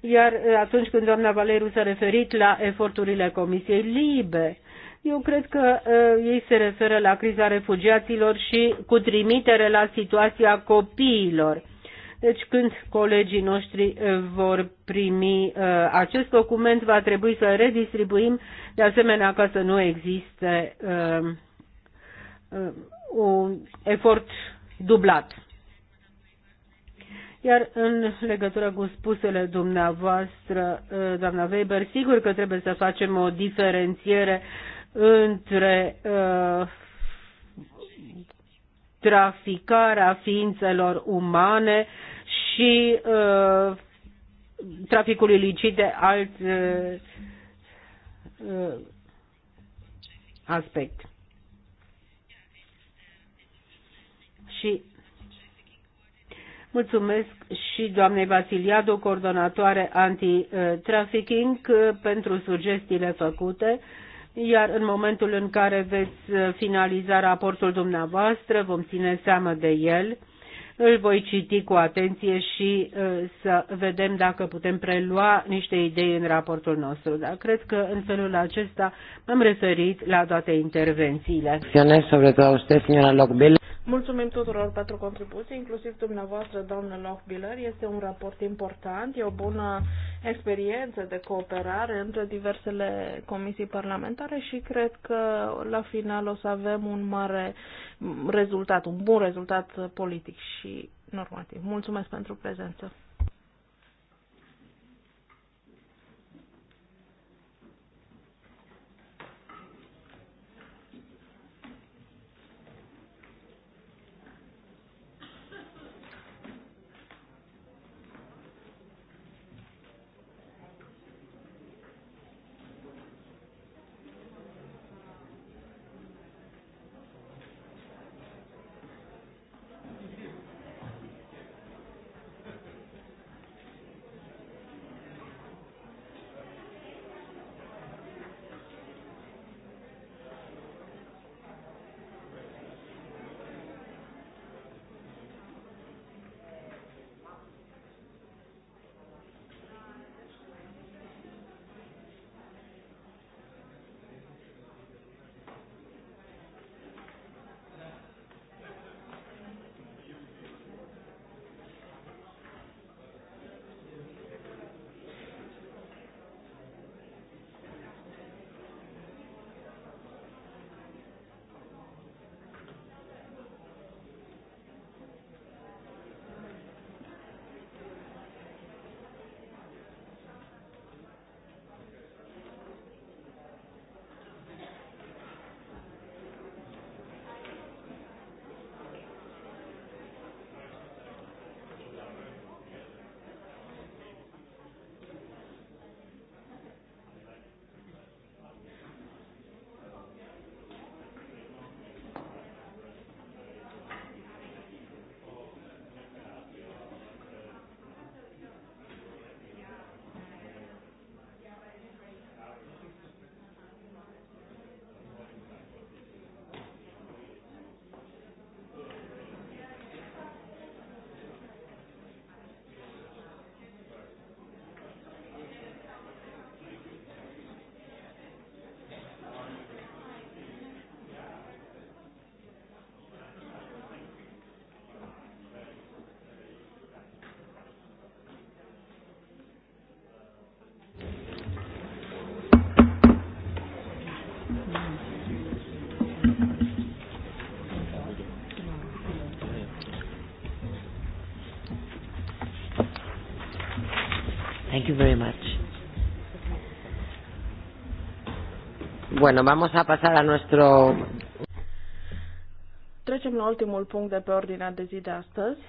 Speaker 4: Iar atunci când doamna Valeru s-a referit la eforturile Comisiei Libe, eu cred că uh, ei se referă la criza refugiaților și cu trimitere la situația copiilor. Deci când colegii noștri eh, vor primi eh, acest document, va trebui să redistribuim, de asemenea ca să nu existe eh, un efort dublat. Iar în legătură cu spusele dumneavoastră, doamna Weber, sigur că trebuie să facem o diferențiere între uh, traficarea ființelor umane și uh, traficul ilicit de alt uh, uh, aspect. Și Mulțumesc și doamnei Vasiliadu, coordonatoare anti-trafficking, pentru sugestiile făcute, iar în momentul în care veți finaliza raportul dumneavoastră, vom ține seama de el. Îl voi citi cu atenție și uh, să vedem dacă putem prelua niște idei în raportul nostru. Dar cred că în felul acesta m-am referit la toate intervențiile. Mulțumim tuturor pentru contribuții,
Speaker 1: inclusiv dumneavoastră, doamnă Lochbiller. Este un raport important, e o bună experiență de cooperare între diversele comisii parlamentare și cred că la final o să avem un mare rezultat, un bun rezultat politic și normativ. Mulțumesc pentru prezență.
Speaker 2: Thank you very much. Bueno, vamos a pasar a nuestro...
Speaker 1: Trecem la ultimul punct de pe ordinea de zi de astăzi,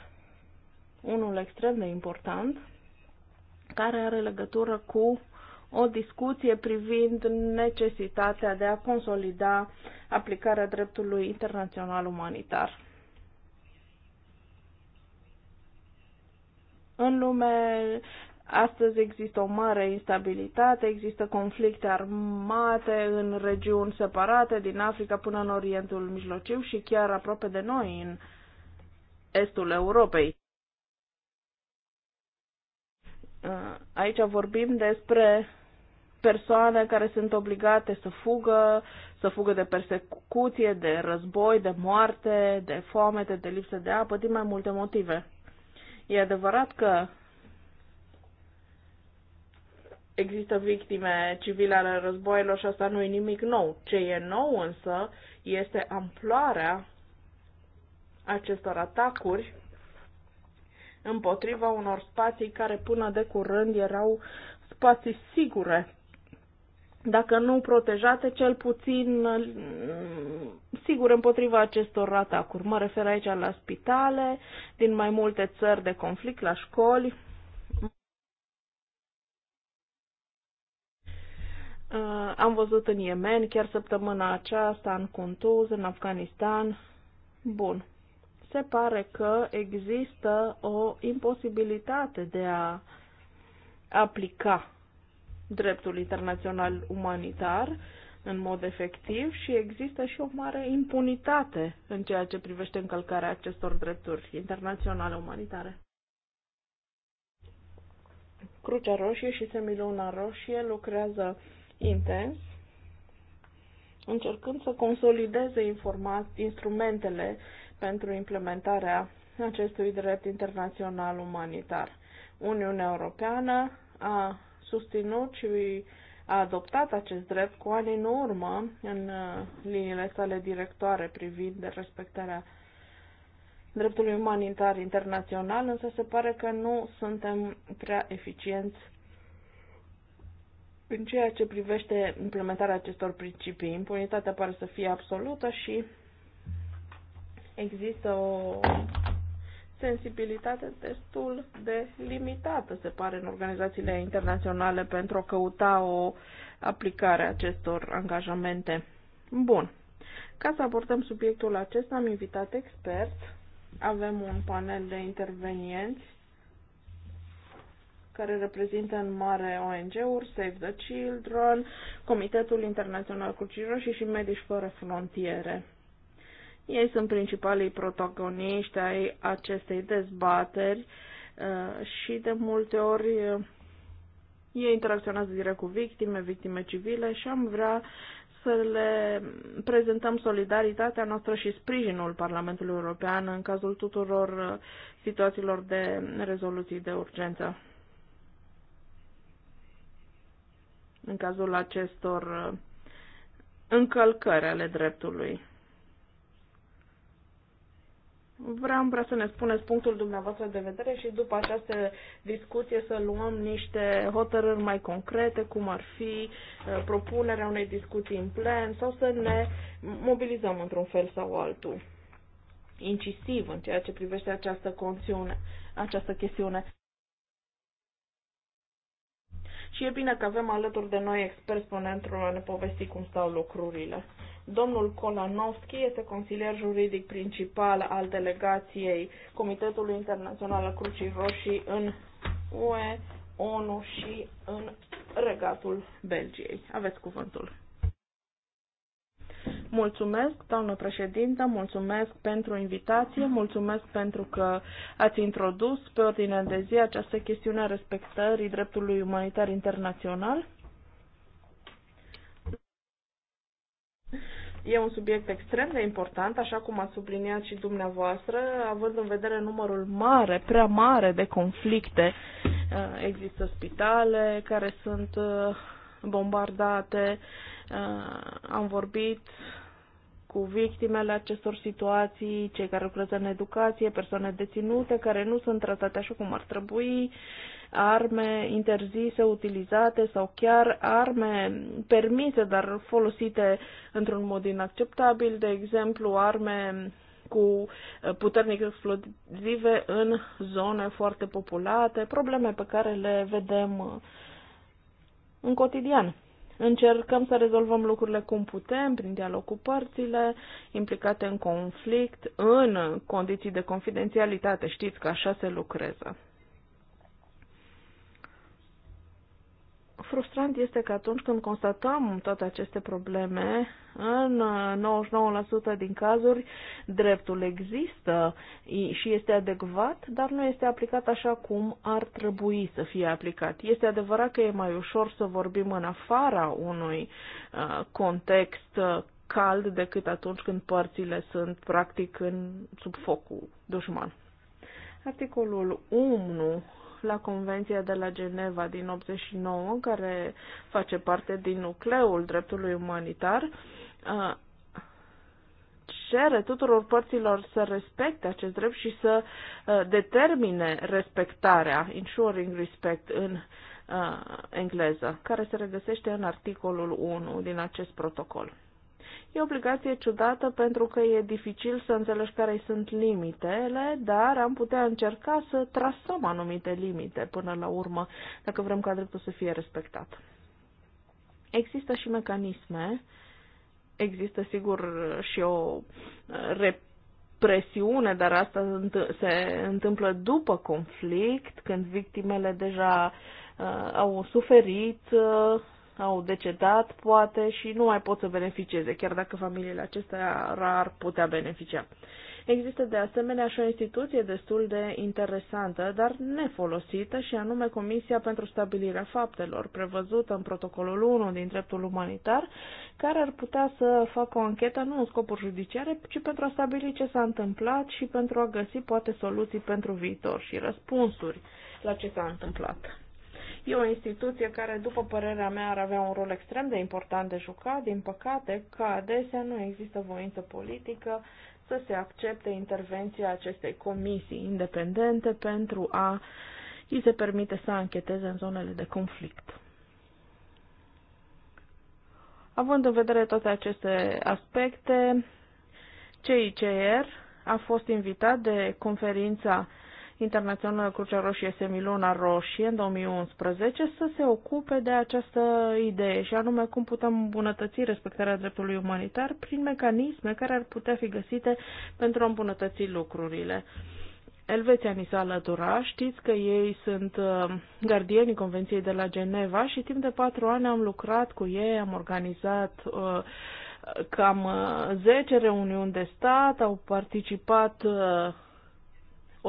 Speaker 1: unul extrem de important, care are legătură cu o discuție privind necesitatea de a consolida aplicarea dreptului internațional umanitar. În lume Astăzi există o mare instabilitate, există conflicte armate în regiuni separate, din Africa până în Orientul Mijlociu și chiar aproape de noi, în estul Europei. Uh, aici vorbim despre persoane care sunt obligate să fugă, să fugă de persecuție, de război, de moarte, de foamete, de lipsă de apă, din mai multe motive. E adevărat că există victime civile ale războiilor și asta nu e nimic nou. Ce e nou însă este amploarea acestor atacuri împotriva unor spații care până de curând erau spații sigure. Dacă nu protejate, cel puțin mm, sigur împotriva acestor atacuri. Mă refer aici la spitale din mai multe țări de conflict, la școli, Uh, am văzut în Yemen, chiar săptămâna aceasta, în Kunduz, în Afganistan. Bun. Se pare că există o imposibilitate de a aplica dreptul internațional umanitar în mod efectiv și există și o mare impunitate în ceea ce privește încălcarea acestor drepturi internaționale umanitare. Crucea Roșie și Semiluna Roșie lucrează intens, încercând să consolideze instrumentele pentru implementarea acestui drept internațional umanitar. Uniunea Europeană a susținut și a adoptat acest drept cu ani în urmă în uh, liniile sale directoare privind respectarea dreptului umanitar internațional, însă se pare că nu suntem prea eficienți în ceea ce privește implementarea acestor principii, impunitatea pare să fie absolută și există o sensibilitate destul de limitată, se pare, în organizațiile internaționale pentru a căuta o aplicare a acestor angajamente. Bun. Ca să abordăm subiectul acesta, am invitat expert, Avem un panel de intervenienți care reprezintă în mare ONG-uri, Save the Children, Comitetul Internațional cu Ciroșii și Medici Fără Frontiere. Ei sunt principalii protagoniști ai acestei dezbateri uh, și de multe ori uh, ei interacționează direct cu victime, victime civile și am vrea să le prezentăm solidaritatea noastră și sprijinul Parlamentului European în cazul tuturor uh, situațiilor de rezoluții de urgență. în cazul acestor uh, încălcări ale dreptului. Vreau vrea să ne spuneți punctul dumneavoastră de vedere și după această discuție să luăm niște hotărâri mai concrete, cum ar fi uh, propunerea unei discuții în plen sau să ne mobilizăm într-un fel sau altul incisiv în ceea ce privește această conțiune, această chestiune. Și e bine că avem alături de noi experți pentru a ne povesti cum stau lucrurile. Domnul Kolanovski este consilier juridic principal al delegației Comitetului Internațional al Crucii Roșii în UE, ONU și în Regatul Belgiei. Aveți cuvântul. Mulțumesc, doamnă președintă, mulțumesc pentru invitație, mulțumesc pentru că ați introdus pe ordine de zi această chestiune a respectării dreptului umanitar internațional. E un subiect extrem de important, așa cum ați subliniat și dumneavoastră, având în vedere numărul mare, prea mare de conflicte. Există spitale care sunt uh, bombardate, Uh, am vorbit cu victimele acestor situații, cei care lucrează în educație, persoane deținute care nu sunt tratate așa cum ar trebui, arme interzise, utilizate sau chiar arme permise, dar folosite într-un mod inacceptabil, de exemplu arme cu puternic explozive în zone foarte populate, probleme pe care le vedem în cotidian. Încercăm să rezolvăm lucrurile cum putem, prin dialog cu părțile implicate în conflict, în condiții de confidențialitate. Știți că așa se lucrează. frustrant este că atunci când constatăm toate aceste probleme, în 99% uh, din cazuri dreptul există și este adecvat, dar nu este aplicat așa cum ar trebui să fie aplicat. Este adevărat că e mai ușor să vorbim în afara unui uh, context uh, cald decât atunci când părțile sunt practic în, sub focul dușman. Articolul 1 la Convenția de la Geneva din 89, care face parte din nucleul dreptului umanitar, cere tuturor părților să respecte acest drept și să determine respectarea, ensuring respect în engleză, care se regăsește în articolul 1 din acest protocol. E o obligație ciudată pentru că e dificil să înțelegi care sunt limitele, dar am putea încerca să trasăm anumite limite până la urmă, dacă vrem ca dreptul să fie respectat. Există și mecanisme, există sigur și o uh, represiune, dar asta se întâmplă după conflict, când victimele deja uh, au suferit, uh, au decedat, poate, și nu mai pot să beneficieze, chiar dacă familiile acestea rar putea beneficia. Există de asemenea și o instituție destul de interesantă, dar nefolosită, și anume Comisia pentru Stabilirea Faptelor, prevăzută în protocolul 1 din dreptul umanitar, care ar putea să facă o anchetă nu în scopuri judiciare, ci pentru a stabili ce s-a întâmplat și pentru a găsi poate soluții pentru viitor și răspunsuri la ce s-a întâmplat. E o instituție care, după părerea mea, ar avea un rol extrem de important de jucat, din păcate că adesea nu există voință politică să se accepte intervenția acestei comisii independente pentru a îi se permite să ancheteze în zonele de conflict. Având în vedere toate aceste aspecte, CICR a fost invitat de conferința Internațională Crucea Roșie Semiluna Roșie în 2011 să se ocupe de această idee și anume cum putem îmbunătăți respectarea dreptului umanitar prin mecanisme care ar putea fi găsite pentru a îmbunătăți lucrurile. Elveția ni s-a alătura, știți că ei sunt uh, gardienii Convenției de la Geneva și timp de patru ani am lucrat cu ei, am organizat uh, cam 10 uh, reuniuni de stat, au participat uh,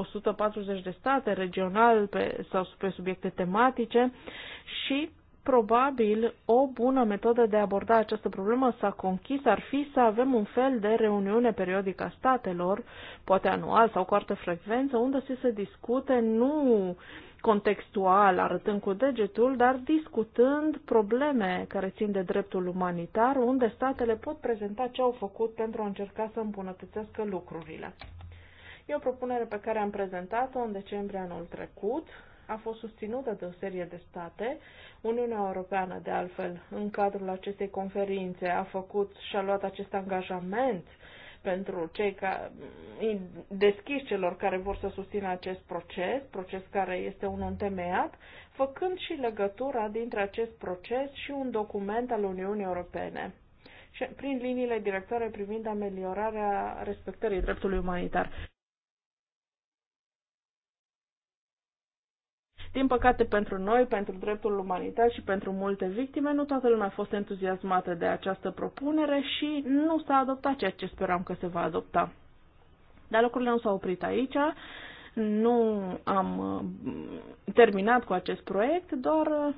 Speaker 1: 140 de state regional pe, sau pe subiecte tematice și probabil o bună metodă de a aborda această problemă s-a conchis ar fi să avem un fel de reuniune periodică a statelor, poate anual sau cu altă frecvență, unde să se discute nu contextual, arătând cu degetul, dar discutând probleme care țin de dreptul umanitar, unde statele pot prezenta ce au făcut pentru a încerca să îmbunătățească lucrurile. E o propunere pe care am prezentat-o în decembrie anul trecut. A fost susținută de o serie de state. Uniunea Europeană, de altfel, în cadrul acestei conferințe, a făcut și a luat acest angajament pentru cei ca, mm, deschiși celor care vor să susțină acest proces, proces care este unul întemeiat, făcând și legătura dintre acest proces și un document al Uniunii Europene prin liniile directoare privind ameliorarea respectării dreptului umanitar. Din păcate pentru noi, pentru dreptul umanitar și pentru multe victime, nu toată lumea a fost entuziasmată de această propunere și nu s-a adoptat ceea ce speram că se va adopta. Dar lucrurile nu s-au oprit aici nu am uh, terminat cu acest proiect, doar uh,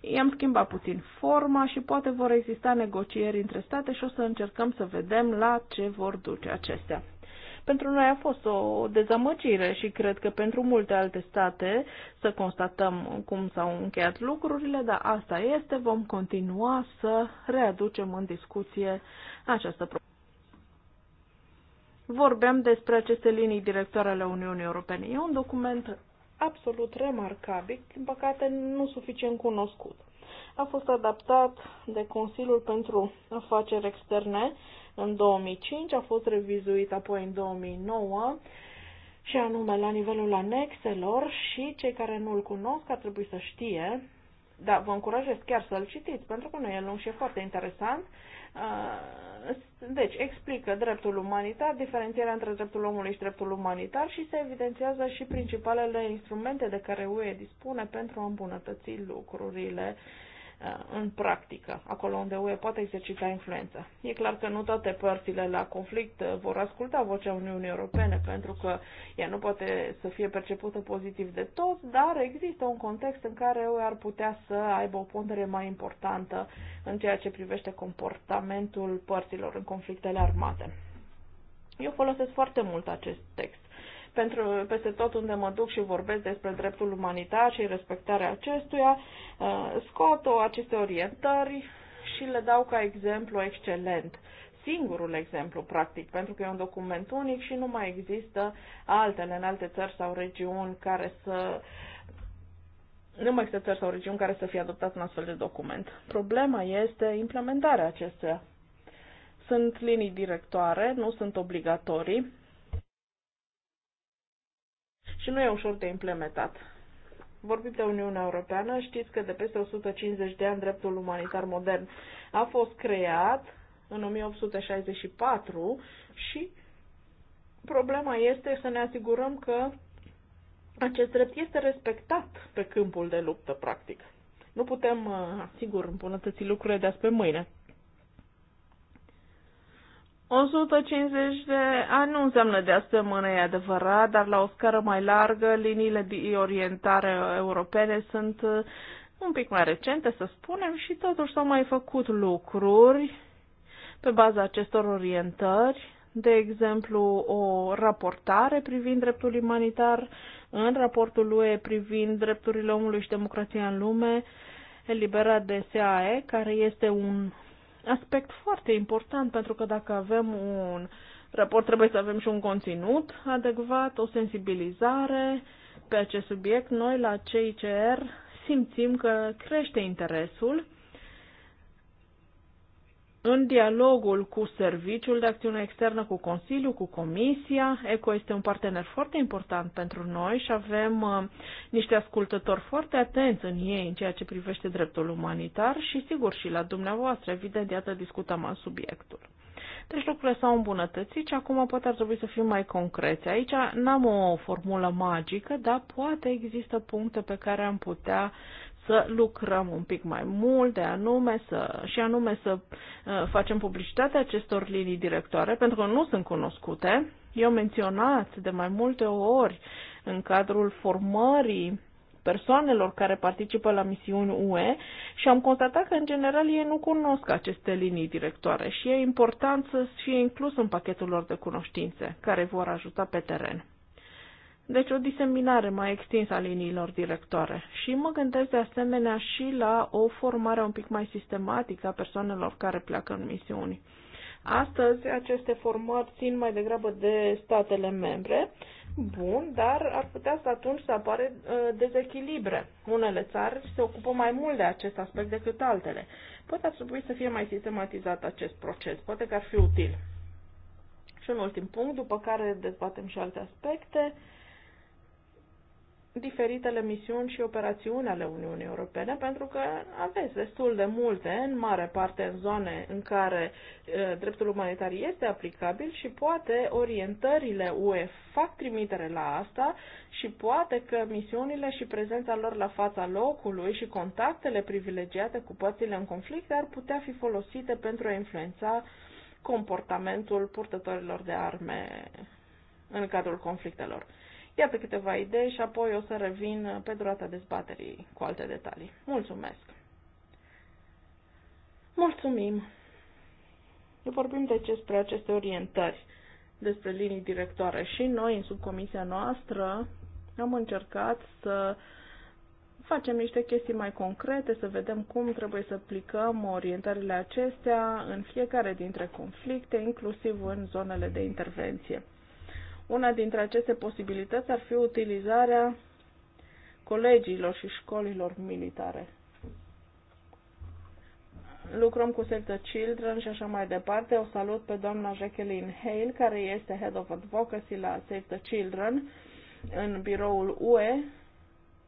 Speaker 1: i-am schimbat puțin forma și poate vor exista negocieri între state și o să încercăm să vedem la ce vor duce acestea. Pentru noi a fost o dezamăgire și cred că pentru multe alte state să constatăm cum s-au încheiat lucrurile, dar asta este, vom continua să readucem în discuție această problemă. Vorbeam despre aceste linii directoare ale Uniunii Europene. E un document absolut remarcabil, din păcate nu suficient cunoscut. A fost adaptat de Consiliul pentru Afaceri Externe în 2005, a fost revizuit apoi în 2009 și anume la nivelul anexelor și cei care nu-l cunosc ar trebui să știe, dar vă încurajez chiar să-l citiți pentru că nu e lung și e foarte interesant. Uh, deci, explică dreptul umanitar, diferențierea între dreptul omului și dreptul umanitar și se evidențiază și principalele instrumente de care UE dispune pentru a îmbunătăți lucrurile Uh, în practică, acolo unde UE poate exercita influența. E clar că nu toate părțile la conflict uh, vor asculta vocea Uniunii Europene, pentru că ea nu poate să fie percepută pozitiv de toți, dar există un context în care UE ar putea să aibă o pondere mai importantă în ceea ce privește comportamentul părților în conflictele armate. Eu folosesc foarte mult acest text pentru, peste tot unde mă duc și vorbesc despre dreptul umanitar și respectarea acestuia, uh, scot aceste orientări și le dau ca exemplu excelent. Singurul exemplu, practic, pentru că e un document unic și nu mai există altele în alte țări sau regiuni care să nu mai există țări sau regiuni care să fie adoptat un astfel de document. Problema este implementarea acestea. Sunt linii directoare, nu sunt obligatorii, și nu e ușor de implementat. Vorbim de Uniunea Europeană, știți că de peste 150 de ani dreptul umanitar modern a fost creat în 1864 și problema este să ne asigurăm că acest drept este respectat pe câmpul de luptă, practic. Nu putem, uh, sigur, îmbunătăți lucrurile de azi pe mâine, 150 de ani nu înseamnă de asemenea, e adevărat, dar la o scară mai largă, liniile de orientare europene sunt uh, un pic mai recente, să spunem, și totuși s-au mai făcut lucruri pe baza acestor orientări, de exemplu, o raportare privind dreptul umanitar în raportul lui privind drepturile omului și democrația în lume, eliberat de SAE, care este un aspect foarte important, pentru că dacă avem un raport, trebuie să avem și un conținut adecvat, o sensibilizare pe acest subiect. Noi la CICR simțim că crește interesul în dialogul cu Serviciul de Acțiune Externă, cu Consiliul, cu Comisia. ECO este un partener foarte important pentru noi și avem uh, niște ascultători foarte atenți în ei în ceea ce privește dreptul umanitar și, sigur, și la dumneavoastră. Evident, iată, discutăm subiectul. Deci lucrurile s-au îmbunătățit și acum poate ar trebui să fim mai concreți. Aici n-am o formulă magică, dar poate există puncte pe care am putea uh, să lucrăm un pic mai mult, de anume să, și anume să uh, facem publicitatea acestor linii directoare, pentru că nu sunt cunoscute. Eu menționat de mai multe ori în cadrul formării persoanelor care participă la misiuni UE și am constatat că, în general, ei nu cunosc aceste linii directoare și e important să fie inclus în pachetul lor de cunoștințe care vor ajuta pe teren. Deci o diseminare mai extinsă a liniilor directoare. Și mă gândesc de asemenea și la o formare un pic mai sistematică a persoanelor care pleacă în misiuni. Astăzi aceste formări țin mai degrabă de statele membre, bun, dar ar putea să atunci să apare ă, dezechilibre. Unele țări se ocupă mai mult de acest aspect decât altele. Poate ar trebui să fie mai sistematizat acest proces, poate că ar fi util. Și un ultim punct, după care dezbatem și alte aspecte, diferitele misiuni și operațiuni ale Uniunii Europene, pentru că aveți destul de multe, în mare parte în zone în care e, dreptul umanitar este aplicabil și poate orientările UE fac trimitere la asta și poate că misiunile și prezența lor la fața locului și contactele privilegiate cu părțile în conflict ar putea fi folosite pentru a influența comportamentul purtătorilor de arme în cadrul conflictelor. Iată câteva idei și apoi o să revin pe durata dezbaterii cu alte detalii. Mulțumesc! Mulțumim! Vorbim deci despre aceste orientări, despre linii directoare și noi, în subcomisia noastră, am încercat să facem niște chestii mai concrete, să vedem cum trebuie să aplicăm orientările acestea în fiecare dintre conflicte, inclusiv în zonele de intervenție. Una dintre aceste posibilități ar fi utilizarea colegiilor și școlilor militare. Lucrăm cu Save the Children și așa mai departe. O salut pe doamna Jacqueline Hale, care este Head of Advocacy la Save the Children în biroul UE,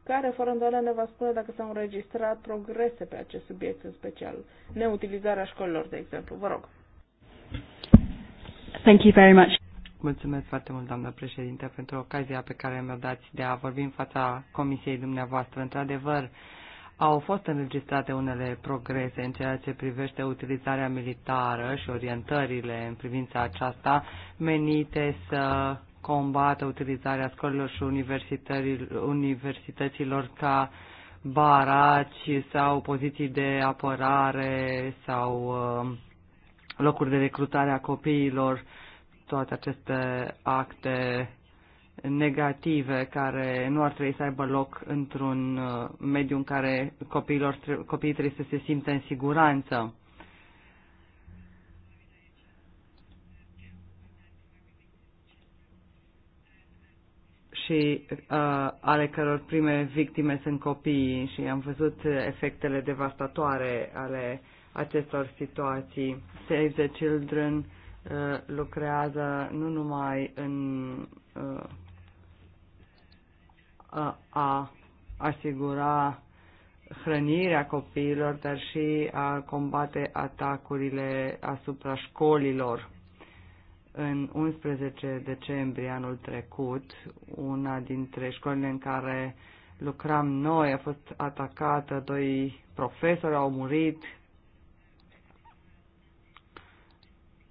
Speaker 1: care fără îndoială ne va spune dacă s-au înregistrat progrese pe acest subiect în special, neutilizarea școlilor, de exemplu. Vă rog.
Speaker 3: Thank you very much. Mulțumesc foarte mult, doamnă președinte, pentru ocazia pe care mi-o dați de a vorbi în fața comisiei dumneavoastră. Într-adevăr, au fost înregistrate unele progrese în ceea ce privește utilizarea militară și orientările în privința aceasta, menite să combată utilizarea școlilor și universităților ca baraci sau poziții de apărare sau uh, locuri de recrutare a copiilor toate aceste acte negative care nu ar trebui să aibă loc într-un uh, mediu în care copiilor, copiii trebuie să se simtă în siguranță. și uh, ale căror prime victime sunt copiii și am văzut efectele devastatoare ale acestor situații. Save the Children uh, Uh, lucrează nu numai în uh, a asigura hrănirea copiilor, dar și a combate atacurile asupra școlilor. În 11 decembrie anul trecut, una dintre școlile în care lucram noi a fost atacată, doi profesori au murit,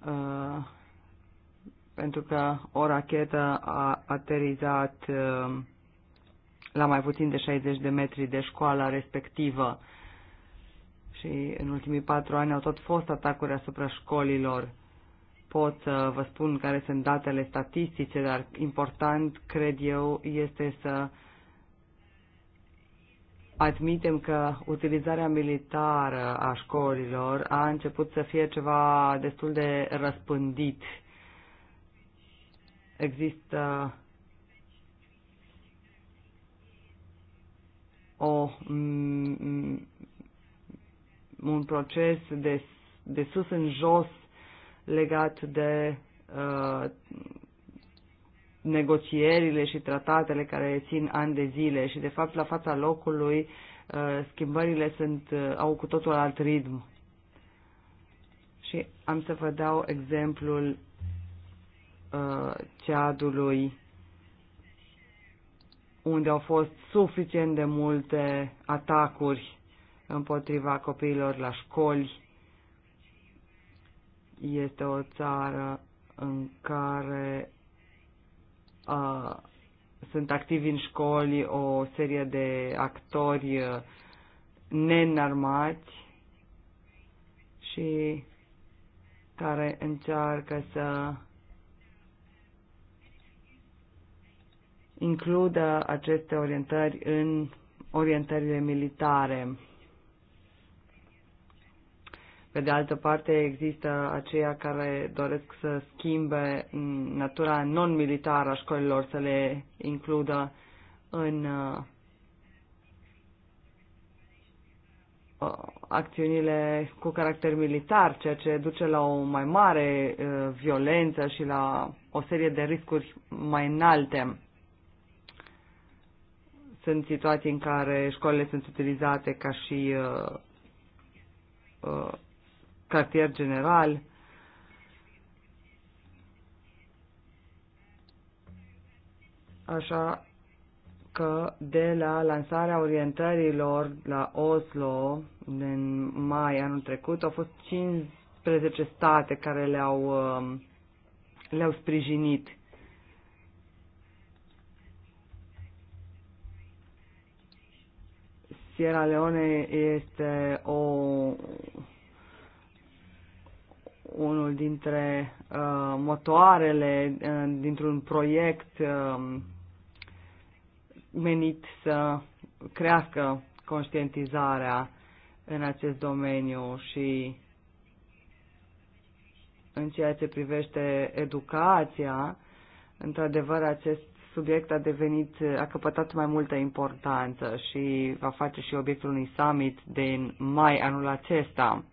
Speaker 3: Uh, pentru că o rachetă a aterizat uh, la mai puțin de 60 de metri de școala respectivă și în ultimii patru ani au tot fost atacuri asupra școlilor. Pot să uh, vă spun care sunt datele statistice, dar important, cred eu, este să uh, admitem că utilizarea militară a școlilor a început să fie ceva destul de răspândit. Există o, mm, un proces de, de sus în jos legat de uh, negocierile și tratatele care țin ani de zile și, de fapt, la fața locului, uh, schimbările sunt, uh, au cu totul alt ritm. Și am să vă dau exemplul uh, ceadului, unde au fost suficient de multe atacuri împotriva copiilor la școli. Este o țară în care uh, sunt activi în școli o serie de actori uh, nenarmați și care încearcă să includă aceste orientări în orientările militare. Pe de altă parte, există aceia care doresc să schimbe natura non-militară a școlilor, să le includă în uh, acțiunile cu caracter militar, ceea ce duce la o mai mare uh, violență și la o serie de riscuri mai înalte. Sunt situații în care școlile sunt utilizate ca și uh, uh, cartier general. Așa că de la lansarea orientărilor la Oslo în mai anul trecut au fost 15 state care le-au um, le-au sprijinit. Sierra Leone este o unul dintre uh, motoarele uh, dintr-un proiect uh, menit să crească conștientizarea în acest domeniu și în ceea ce privește educația, într-adevăr acest subiect a devenit, a căpătat mai multă importanță și va face și obiectul unui summit din mai anul acesta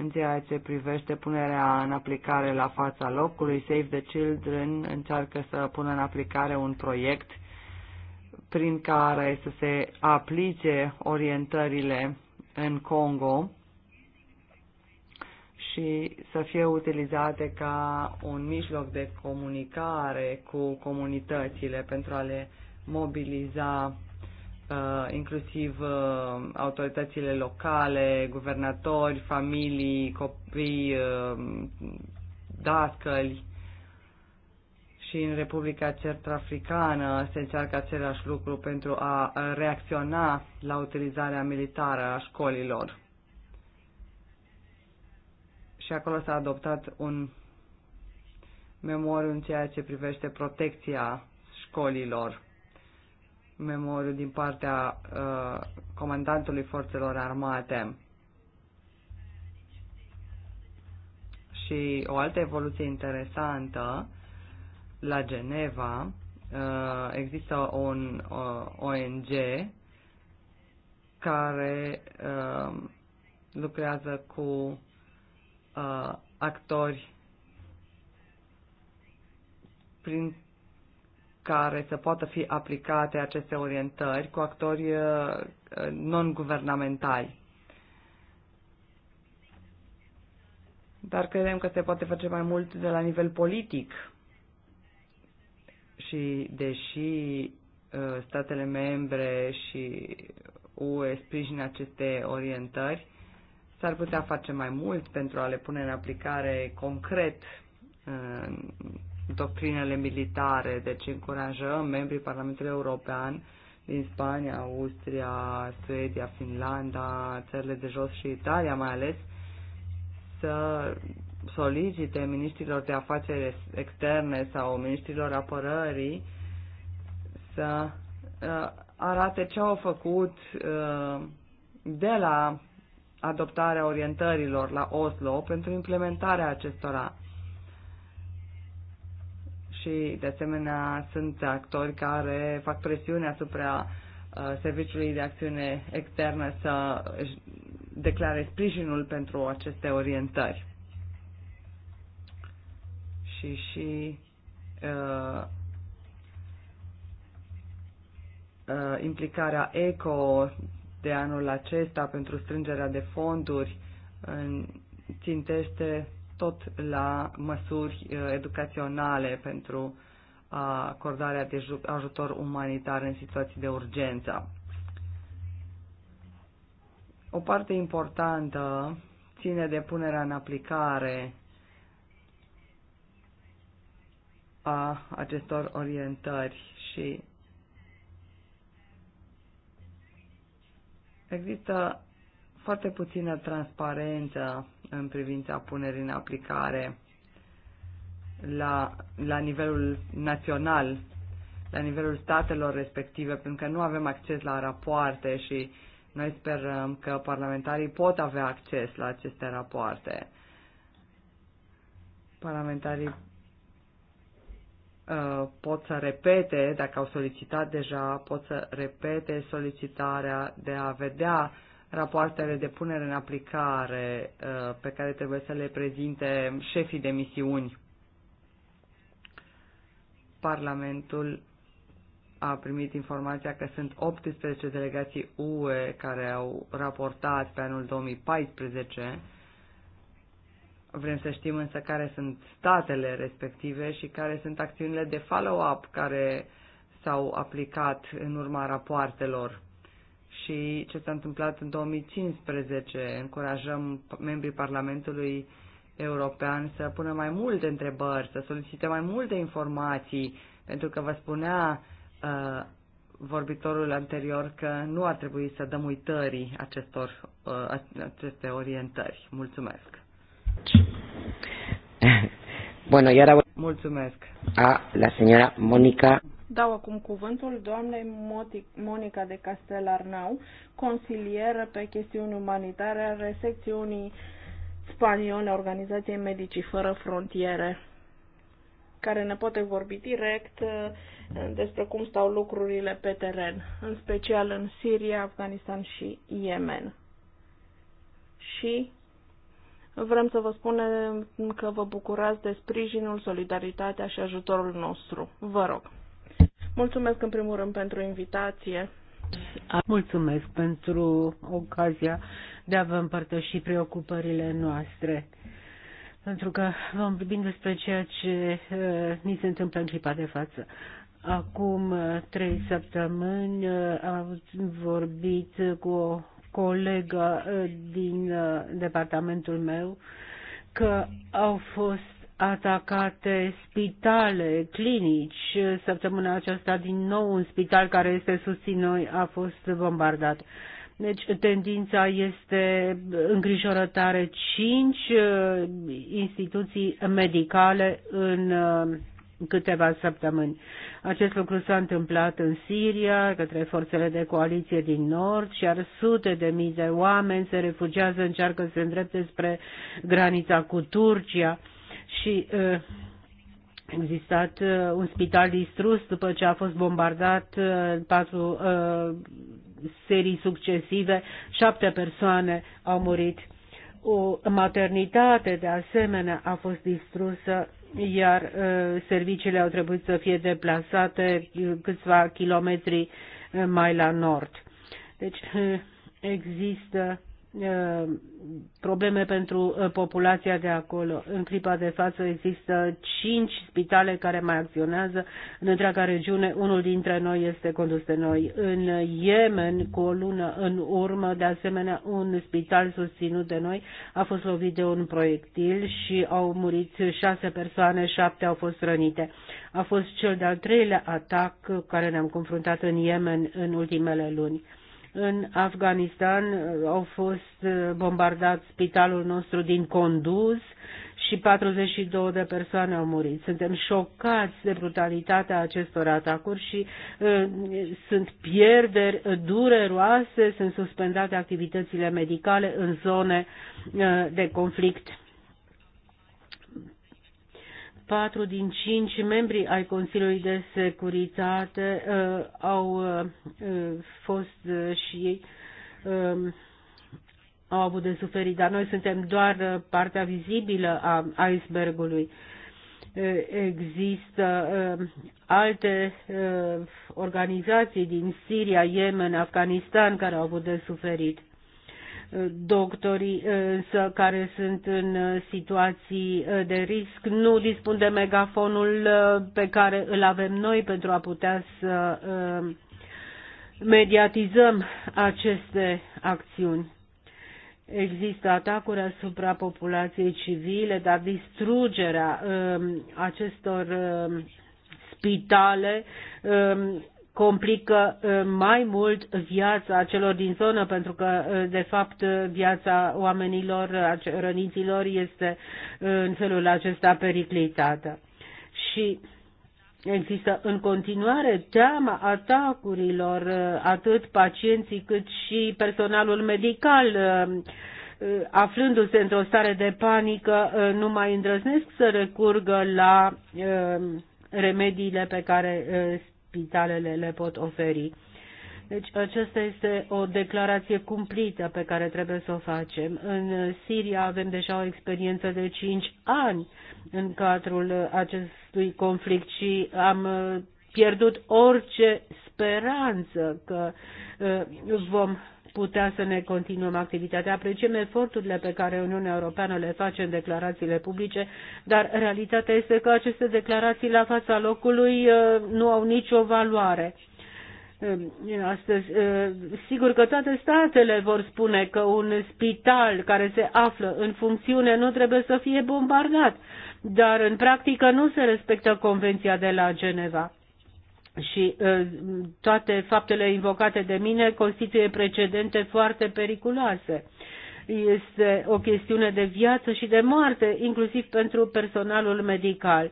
Speaker 3: în ceea ce privește punerea în aplicare la fața locului. Save the Children încearcă să pună în aplicare un proiect prin care să se aplice orientările în Congo și să fie utilizate ca un mijloc de comunicare cu comunitățile pentru a le mobiliza Uh, inclusiv uh, autoritățile locale, guvernatori, familii, copii, uh, dascăli. Și în Republica Centrafricană se încearcă același lucru pentru a reacționa la utilizarea militară a școlilor. Și acolo s-a adoptat un memoriu în ceea ce privește protecția școlilor memoriu din partea uh, comandantului forțelor armate. Și o altă evoluție interesantă, la Geneva uh, există un uh, ONG care uh, lucrează cu uh, actori prin care să poată fi aplicate aceste orientări cu actori uh, non-guvernamentali. Dar credem că se poate face mai mult de la nivel politic. Și deși uh, statele membre și UE sprijină aceste orientări, s-ar putea face mai mult pentru a le pune în aplicare concret în uh, doctrinele militare, deci încurajăm membrii Parlamentului European din Spania, Austria, Suedia, Finlanda, țările de jos și Italia mai ales, să solicite ministrilor de afaceri externe sau ministrilor apărării să uh, arate ce au făcut uh, de la adoptarea orientărilor la Oslo pentru implementarea acestora și, de asemenea, sunt actori care fac presiune asupra uh, Serviciului de Acțiune Externă să declare sprijinul pentru aceste orientări. Și, și uh, uh, implicarea ECO de anul acesta pentru strângerea de fonduri în, țintește tot la măsuri uh, educaționale pentru uh, acordarea de ajutor umanitar în situații de urgență. O parte importantă ține de punerea în aplicare a acestor orientări și există foarte puțină transparență în privința punerii în aplicare la, la nivelul național, la nivelul statelor respective, pentru că nu avem acces la rapoarte și noi sperăm că parlamentarii pot avea acces la aceste rapoarte. Parlamentarii uh, pot să repete, dacă au solicitat deja, pot să repete solicitarea de a vedea uh, rapoartele de punere în aplicare uh, pe care trebuie să le prezinte șefii de misiuni. Parlamentul a primit informația că sunt 18 delegații UE care au raportat pe anul 2014. Vrem să știm însă care sunt statele respective și care sunt acțiunile de follow-up care s-au aplicat în urma rapoartelor și ce s-a întâmplat în 2015. Încurajăm membrii Parlamentului European să pună mai multe întrebări, să solicite mai multe informații, pentru că vă spunea uh, vorbitorul anterior că nu ar trebui să dăm uitării acestor, uh, aceste orientări. Mulțumesc!
Speaker 2: Bueno, y ahora... Mulțumesc. A la señora Mónica
Speaker 3: Dau acum
Speaker 1: cuvântul doamnei Monica de Arnau, consilieră pe chestiuni umanitare a secțiunii spaniole a Organizației Medicii Fără Frontiere, care ne poate vorbi direct uh, despre cum stau lucrurile pe teren, în special în Siria, Afganistan și Yemen. Și Vrem să vă spunem că vă bucurați de sprijinul, solidaritatea și ajutorul nostru. Vă rog. Mulțumesc în primul rând pentru invitație.
Speaker 4: Mulțumesc pentru ocazia de a vă împărtăși preocupările noastre. Pentru că vom vorbi despre ceea ce uh, ni se întâmplă în clipa de față. Acum uh, trei săptămâni uh, am vorbit cu o colegă uh, din uh, departamentul meu că au fost atacate spitale, clinici. Săptămâna aceasta din nou un spital care este susținut a fost bombardat. Deci tendința este îngrijorătare. Cinci uh, instituții medicale în uh, câteva săptămâni. Acest lucru s-a întâmplat în Siria, către forțele de coaliție din Nord, și iar sute de mii de oameni se refugiază, încearcă să se îndrepte spre granița cu Turcia și uh, existat uh, un spital distrus după ce a fost bombardat uh, patru uh, serii succesive, șapte persoane au murit. O maternitate, de asemenea, a fost distrusă, iar uh, serviciile au trebuit să fie deplasate câțiva kilometri mai la nord. Deci uh, există Uh, probleme pentru uh, populația de acolo. În clipa de față există cinci spitale care mai acționează în întreaga regiune. Unul dintre noi este condus de noi. În Yemen, cu o lună în urmă, de asemenea, un spital susținut de noi a fost lovit de un proiectil și au murit șase persoane, șapte au fost rănite. A fost cel de-al treilea atac care ne-am confruntat în Yemen în ultimele luni. În Afganistan uh, au fost uh, bombardat spitalul nostru din Conduz și 42 de persoane au murit. Suntem șocați de brutalitatea acestor atacuri și uh, sunt pierderi dureroase, sunt suspendate activitățile medicale în zone uh, de conflict Patru din cinci membri ai Consiliului de Securitate uh, au uh, fost uh, și ei uh, au avut de suferit, dar noi suntem doar uh, partea vizibilă a icebergului. Uh, există um, alte uh, organizații din Siria, Yemen, Afganistan care au avut de suferit doctorii însă care sunt în situații uh, de risc nu dispun de megafonul uh, pe care îl avem noi pentru a putea să uh, mediatizăm aceste acțiuni. Există atacuri asupra populației civile, dar distrugerea um, acestor um, spitale um, complică uh, mai mult viața celor din zonă, pentru că, uh, de fapt, uh, viața oamenilor, răniților, este în felul acesta periclitată. Și Există în continuare teama atacurilor, atât pacienții cât și personalul medical, aflându-se într-o stare de panică, nu mai îndrăznesc să recurgă la remediile pe care spitalele le pot oferi. Deci aceasta este o declarație cumplită pe care trebuie să o facem. În Siria avem deja o experiență de 5 ani în cadrul acestui conflict și am uh, pierdut orice speranță că uh, vom putea să ne continuăm activitatea. Apreciem eforturile pe care Uniunea Europeană le face în declarațiile publice, dar realitatea este că aceste declarații la fața locului uh, nu au nicio valoare. Uh, astăzi, uh, sigur că toate statele vor spune că un spital care se află în funcțiune nu trebuie să fie bombardat, dar în practică nu se respectă Convenția de la Geneva și uh, toate faptele invocate de mine constituie precedente foarte periculoase. Este o chestiune de viață și de moarte, inclusiv pentru personalul medical.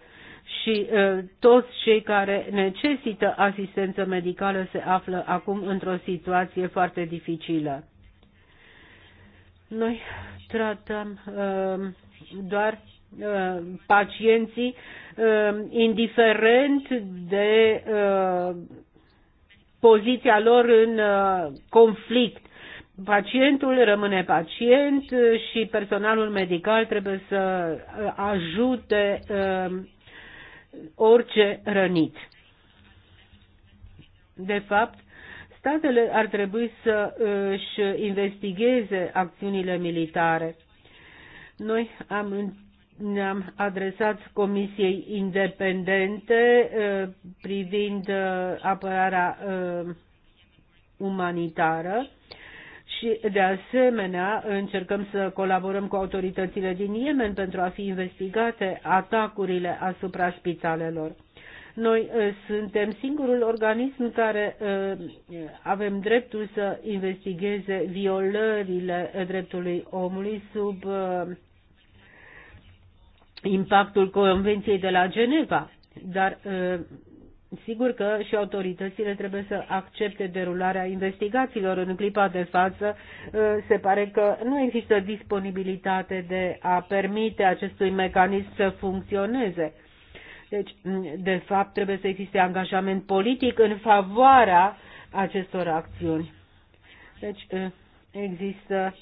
Speaker 4: Și uh, toți cei care necesită asistență medicală se află acum într-o situație foarte dificilă. Noi tratăm uh, doar pacienții uh, Um, indiferent de uh, poziția lor în uh, conflict. Pacientul rămâne pacient uh, și personalul medical trebuie să ajute um, orice rănit. De fapt, statele ar trebui să își investigheze acțiunile militare. Noi am ne-am adresat Comisiei Independente uh, privind uh, apărarea uh, umanitară și, de asemenea, încercăm să colaborăm cu autoritățile din Yemen pentru a fi investigate atacurile asupra spitalelor. Noi suntem singurul organism care avem dreptul să investigheze violările dreptului omului sub impactul Convenției de la Geneva, dar sigur că și autoritățile trebuie să accepte derularea investigațiilor. În clipa de față se pare că nu există disponibilitate de a permite acestui mecanism să funcționeze. Deci, de fapt, trebuie să existe angajament politic în favoarea acestor acțiuni. Deci, există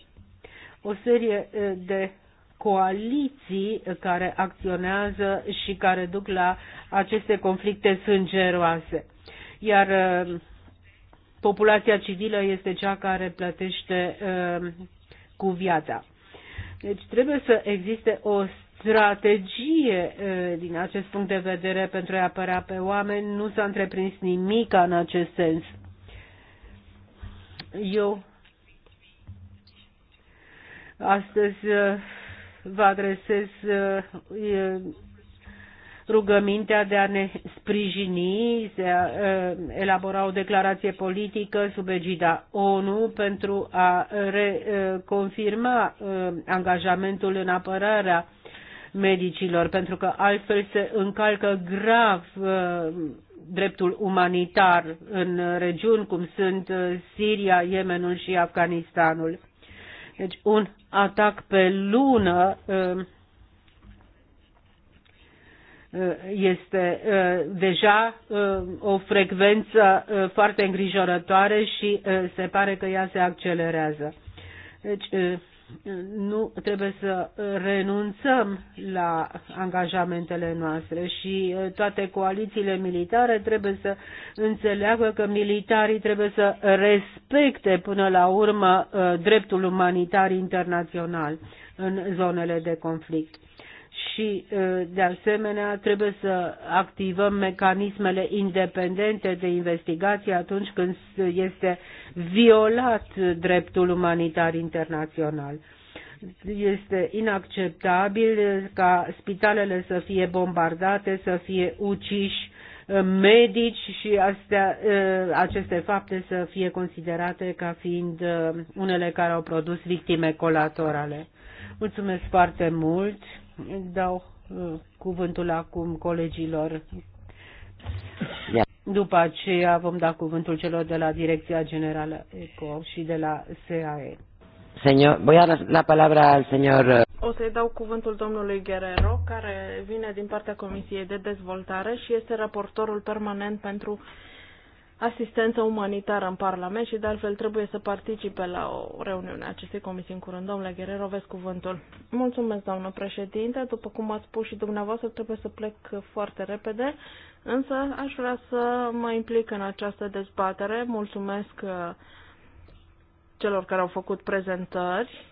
Speaker 4: o serie de coaliții care acționează și care duc la aceste conflicte sângeroase. Iar uh, populația civilă este cea care plătește uh, cu viața. Deci trebuie să existe o strategie uh, din acest punct de vedere pentru a apăra pe oameni. Nu s-a întreprins nimic în acest sens. Eu astăzi vă adresez uh, rugămintea de a ne sprijini, de a uh, elabora o declarație politică sub egida ONU pentru a reconfirma uh, angajamentul în apărarea medicilor, pentru că altfel se încalcă grav dreptul umanitar în regiuni cum sunt Siria, Yemenul și Afganistanul. Deci un atac pe lună um, uh, este uh, deja uh, o frecvență foarte îngrijorătoare și se pare că ea se accelerează. Deci nu trebuie să renunțăm la angajamentele noastre și uh, toate coalițiile militare trebuie să înțeleagă că militarii trebuie să respecte până la urmă uh, dreptul umanitar internațional în zonele de conflict și, de asemenea, trebuie să activăm mecanismele independente de investigație atunci când este violat dreptul umanitar internațional. Este inacceptabil ca spitalele să fie bombardate, să fie uciși medici și astea, aceste fapte să fie considerate ca fiind unele care au produs victime colaterale. Mulțumesc foarte mult! Dau uh, cuvântul acum colegilor. După aceea vom da cuvântul celor de la Direcția Generală ECO și de la SAE.
Speaker 2: Señor, voi la palabra al senor... Uh,
Speaker 4: o să-i
Speaker 1: dau cuvântul domnului Guerrero, care vine din partea Comisiei de Dezvoltare și este raportorul permanent pentru asistență umanitară în Parlament și de altfel trebuie să participe la o reuniune a acestei comisii în curând. Domnule Guerrero, aveți cuvântul. Mulțumesc, doamnă președinte. După cum ați spus și dumneavoastră, trebuie să plec foarte repede, însă aș vrea să mă implic în această dezbatere. Mulțumesc uh, celor care au făcut prezentări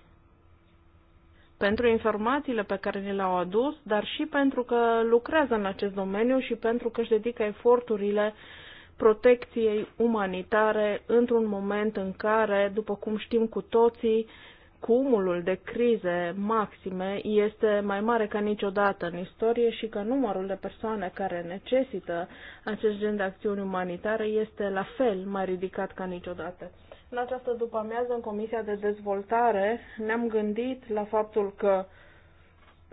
Speaker 1: pentru informațiile pe care ni le-au adus, dar și pentru că lucrează în acest domeniu și pentru că își dedică eforturile uh, protecției umanitare într-un moment în care, după cum știm cu toții, cumulul de crize maxime este mai mare ca niciodată în istorie și că numărul de persoane care necesită acest gen de acțiuni umanitare este la fel mai ridicat ca niciodată. În această după-amiază, în Comisia de Dezvoltare, ne-am gândit la faptul că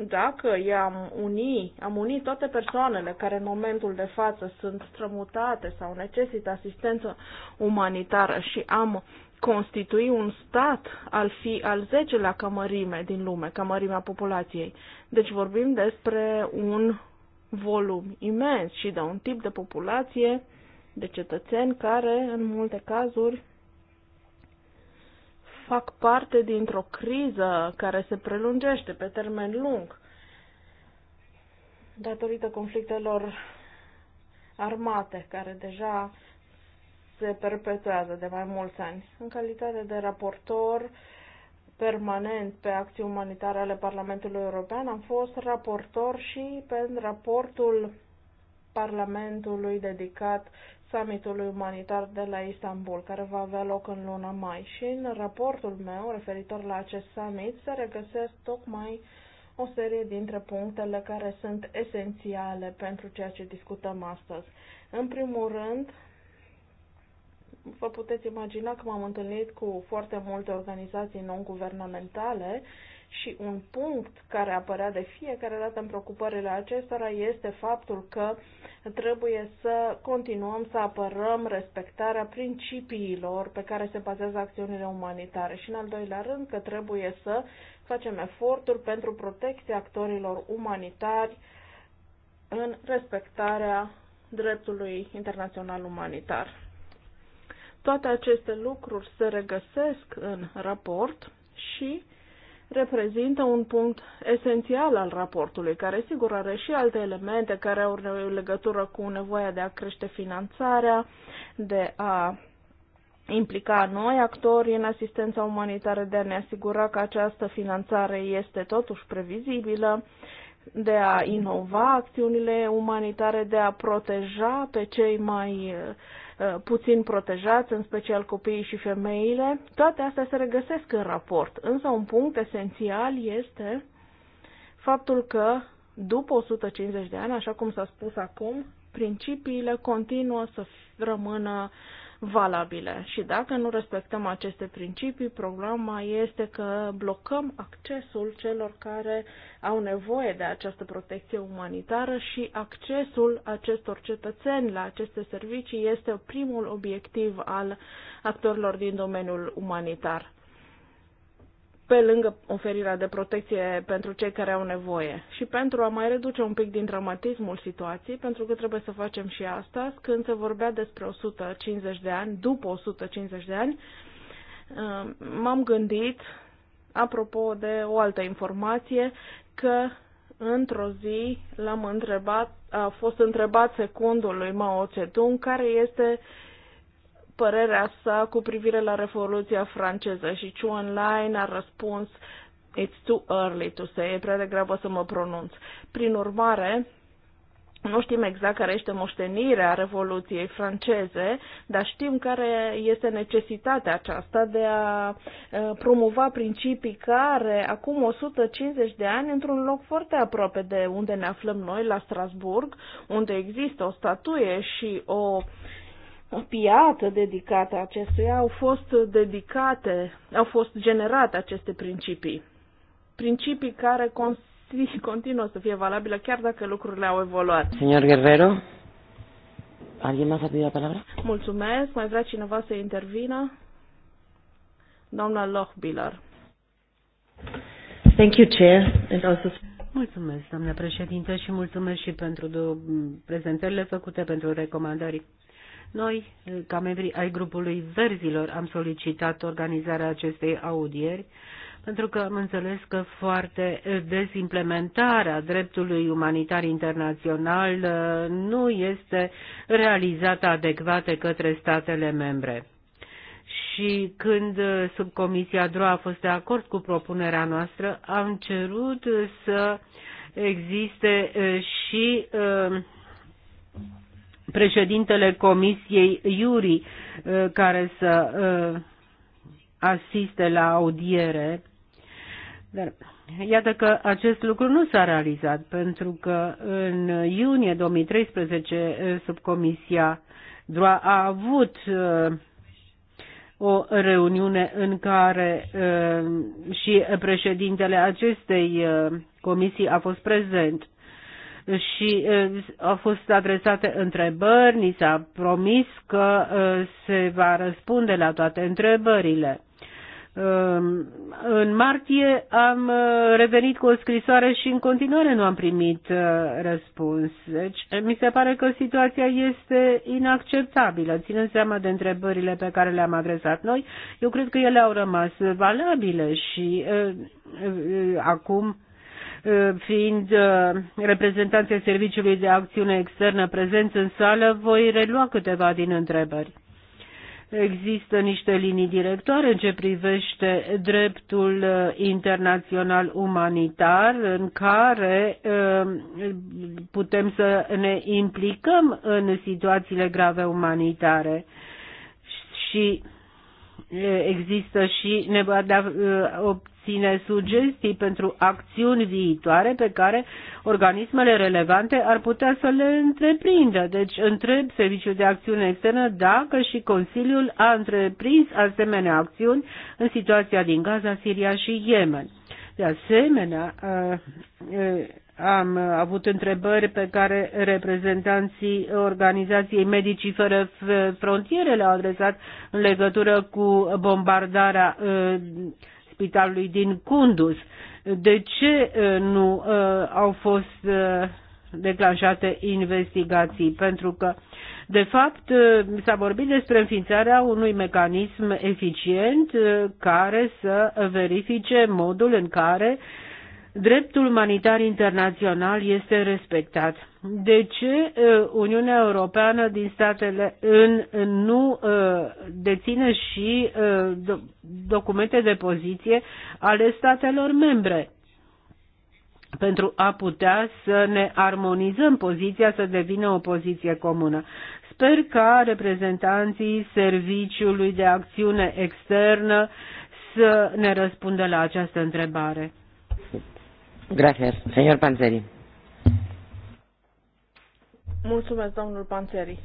Speaker 1: dacă i-am uni, am unit toate persoanele care în momentul de față sunt strămutate sau necesită asistență umanitară și am constitui un stat al fi al zecelea cămărime din lume, cămărimea populației. Deci vorbim despre un volum imens și de un tip de populație de cetățeni care, în multe cazuri, fac parte dintr-o criză care se prelungește pe termen lung datorită conflictelor armate care deja se perpetuează de mai mulți ani. În calitate de raportor permanent pe acțiuni umanitare ale Parlamentului European, am fost raportor și pe raportul Parlamentului dedicat summitului umanitar de la Istanbul, care va avea loc în luna mai. Și în raportul meu referitor la acest summit se regăsesc tocmai o serie dintre punctele care sunt esențiale pentru ceea ce discutăm astăzi. În primul rând, vă puteți imagina că m-am întâlnit cu foarte multe organizații non-guvernamentale și un punct care apărea de fiecare dată în preocupările acestora este faptul că trebuie să continuăm să apărăm respectarea principiilor pe care se bazează acțiunile umanitare și, în al doilea rând, că trebuie să facem eforturi pentru protecția actorilor umanitari în respectarea dreptului internațional umanitar. Toate aceste lucruri se regăsesc în raport și reprezintă un punct esențial al raportului, care sigur are și alte elemente care au legătură cu nevoia de a crește finanțarea, de a implica noi actori în asistența umanitară, de a ne asigura că această finanțare este totuși previzibilă, de a inova acțiunile umanitare, de a proteja pe cei mai uh, Uh, puțin protejați, în special copiii și femeile. Toate astea se regăsesc în raport, însă un punct esențial este faptul că după 150 de ani, așa cum s-a spus acum, principiile continuă să rămână valabile. Și dacă nu respectăm aceste principii, problema este că blocăm accesul celor care au nevoie de această protecție umanitară și accesul acestor cetățeni la aceste servicii este primul obiectiv al actorilor din domeniul umanitar pe lângă oferirea de protecție pentru cei care au nevoie. Și pentru a mai reduce un pic din dramatismul situației, pentru că trebuie să facem și asta, când se vorbea despre 150 de ani, după 150 de ani, uh, m-am gândit, apropo de o altă informație, că într-o zi l-am întrebat, a fost întrebat secundul lui Mao Zedong care este uh, părerea sa cu privire la Revoluția franceză și Chu Online a răspuns It's too early to say, e prea degrabă să mă pronunț. Prin urmare, nu știm exact care este moștenirea Revoluției franceze, dar știm care este necesitatea aceasta de a promova principii care acum 150 de ani, într-un loc foarte aproape de unde ne aflăm noi, la Strasburg, unde există o statuie și o uh, o piată dedicată acestuia, au fost dedicate, au fost generate aceste principii. Principii care continuă să fie valabile chiar dacă lucrurile au evoluat.
Speaker 2: Señor Guerrero, alguien más ha pedido la palabra?
Speaker 1: Mulțumesc, mai vrea cineva să intervină? Doamna Lochbiller.
Speaker 2: Thank you, Chair. And also...
Speaker 4: Mulțumesc, doamna președinte, și mulțumesc și pentru prezentările făcute, pentru recomandări noi, ca membri ai grupului Verzilor, am solicitat organizarea acestei audieri pentru că am înțeles că foarte des implementarea dreptului umanitar internațional uh, nu este realizată adecvată către statele membre. Și când uh, subcomisia DRO a fost de acord cu propunerea noastră, am cerut să existe uh, și uh, președintele Comisiei Iuri uh, care să uh, asiste la audiere. Dar iată că acest lucru nu s-a realizat pentru că în iunie 2013 uh, subcomisia DROA a avut o reuniune în care și președintele acestei comisii a fost prezent și au fost adresate întrebări, ni s-a promis că se va răspunde la toate întrebările. În martie am revenit cu o scrisoare și în continuare nu am primit răspuns. Deci mi se pare că situația este inacceptabilă. Ținând seama de întrebările pe care le-am adresat noi, eu cred că ele au rămas valabile și acum Uh, fiind uh, reprezentanții Serviciului de Acțiune Externă prezenți în sală, voi relua câteva din întrebări. Există niște linii directoare în ce privește dreptul uh, internațional umanitar în care putem să ne implicăm în situațiile grave umanitare și există și da, obține sugestii pentru acțiuni viitoare pe care organismele relevante ar putea să le întreprindă. Deci întreb Serviciul de Acțiune Externă dacă și Consiliul a întreprins asemenea acțiuni în situația din Gaza, Siria și Yemen. De asemenea, uh, uh, am avut întrebări pe care reprezentanții organizației Medicii Fără Frontiere le-au adresat în legătură cu bombardarea uh, spitalului din Kunduz. De ce uh, nu uh, au fost declanșate investigații? Pentru că, de fapt, s-a vorbit despre înființarea unui mecanism eficient care să verifice modul în care dreptul umanitar internațional este respectat. De ce uh, Uniunea Europeană din statele în, nu uh, deține și uh, documente de poziție ale statelor membre? pentru a putea să ne armonizăm poziția, să devină o poziție comună. Sper ca reprezentanții Serviciului de Acțiune Externă să ne răspundă la această
Speaker 2: întrebare. Gracias. Señor Panzeri.
Speaker 1: Mulțumesc, domnul Panzeri.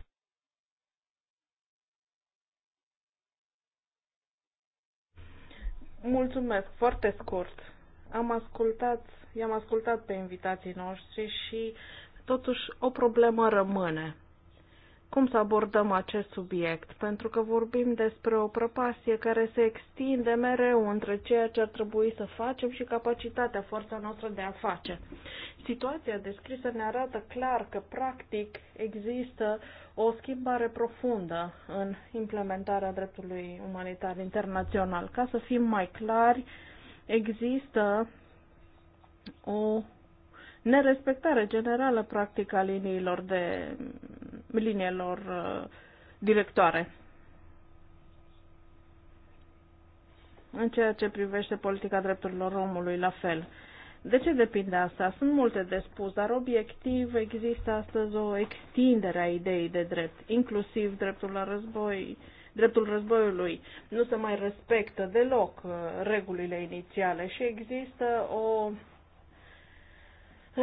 Speaker 1: Mulțumesc, foarte scurt. Am ascultat, i-am ascultat pe invitații noștri și totuși o problemă rămâne cum să abordăm acest subiect, pentru că vorbim despre o prăpastie care se extinde mereu între ceea ce ar trebui să facem și capacitatea, forța noastră de a face. Situația descrisă ne arată clar că, practic, există o schimbare profundă în implementarea dreptului umanitar internațional. Ca să fim mai clari, există o nerespectare generală, practic, a liniilor de liniilor uh, directoare. În ceea ce privește politica drepturilor omului, la fel. De ce depinde asta? Sunt multe de spus, dar obiectiv există astăzi o extindere a ideii de drept, inclusiv dreptul la război, dreptul războiului. Nu se mai respectă deloc uh, regulile inițiale și există o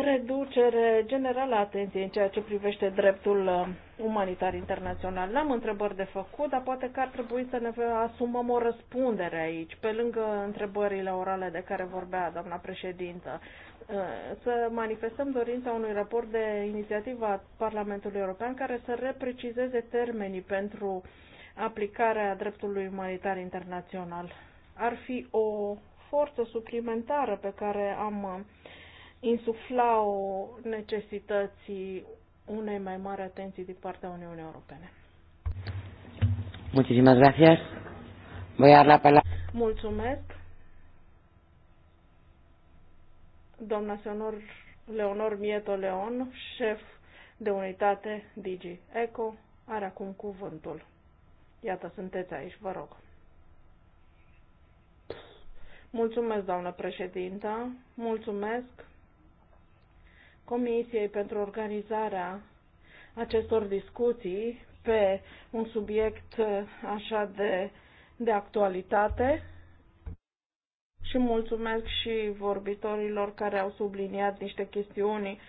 Speaker 1: reducere generală a atenției în ceea ce privește dreptul uh, umanitar internațional. N-am întrebări de făcut, dar poate că ar trebui să ne asumăm o răspundere aici, pe lângă întrebările orale de care vorbea doamna președintă, uh, să manifestăm dorința unui raport de inițiativă a Parlamentului European care să reprecizeze termenii pentru aplicarea dreptului umanitar internațional. Ar fi o forță suplimentară pe care am uh, insuflau necesității unei mai mari atenții din partea Uniunii Europene.
Speaker 2: Muchísimas gracias. Voy a dar la palabra.
Speaker 1: Mulțumesc. Doamna Senor Leonor Mieto Leon, șef de unitate Digi Eco, are acum cuvântul. Iată, sunteți aici, vă rog. Mulțumesc, doamnă președintă. Mulțumesc Comisiei pentru organizarea acestor discuții pe un subiect uh, așa de, de actualitate și mulțumesc și vorbitorilor care au subliniat niște chestiuni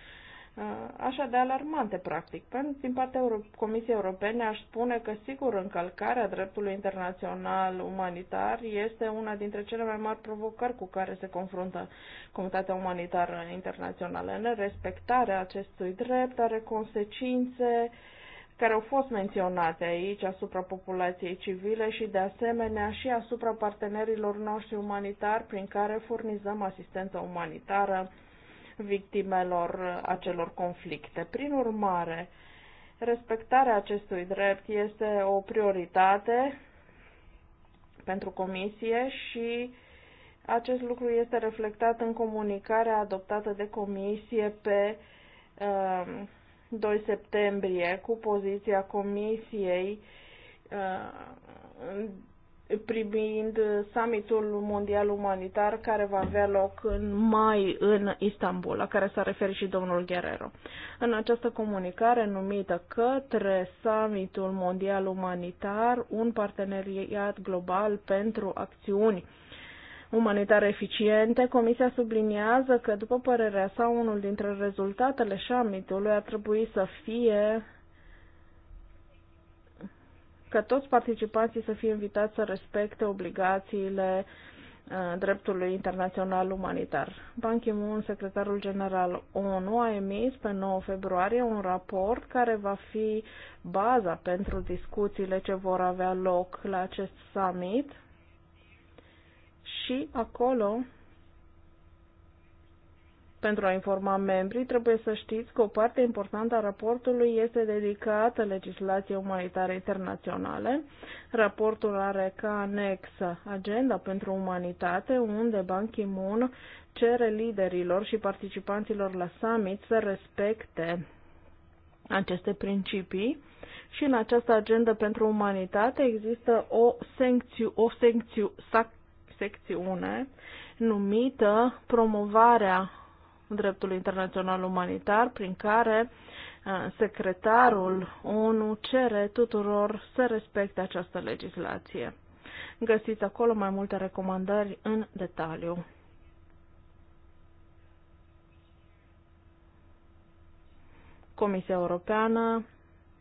Speaker 1: Uh, așa de alarmante, practic. Din partea Euro- Comisiei Europene aș spune că, sigur, încălcarea dreptului internațional umanitar este una dintre cele mai mari provocări cu care se confruntă comunitatea umanitară internațională. Nerespectarea acestui drept are consecințe care au fost menționate aici asupra populației civile și de asemenea și asupra partenerilor noștri umanitari prin care furnizăm asistență umanitară victimelor acelor conflicte. Prin urmare, respectarea acestui drept este o prioritate pentru Comisie și acest lucru este reflectat în comunicarea adoptată de Comisie pe uh, um, 2 septembrie cu poziția Comisiei uh, privind summitul mondial umanitar care va avea loc în mai în Istanbul, la care s-a referit și domnul Guerrero. În această comunicare numită către summitul mondial umanitar, un parteneriat global pentru acțiuni umanitare eficiente, Comisia subliniază că, după părerea sa, unul dintre rezultatele summitului ar trebui să fie ca toți participanții să fie invitați să respecte obligațiile uh, dreptului internațional umanitar. Ban Ki-moon, secretarul general ONU, a emis pe 9 februarie un raport care va fi baza pentru discuțiile ce vor avea loc la acest summit și acolo pentru a informa membrii, trebuie să știți că o parte importantă a raportului este dedicată legislației umanitare internaționale. Raportul are ca anexă Agenda pentru Umanitate, unde Ban Ki-moon cere liderilor și participanților la summit să respecte aceste principii și în această agendă pentru umanitate există o, sancțiu, o sancțiu, sac, secțiune numită promovarea dreptul internațional umanitar, prin care uh, secretarul ONU cere tuturor să respecte această legislație. Găsiți acolo mai multe recomandări în detaliu. Comisia Europeană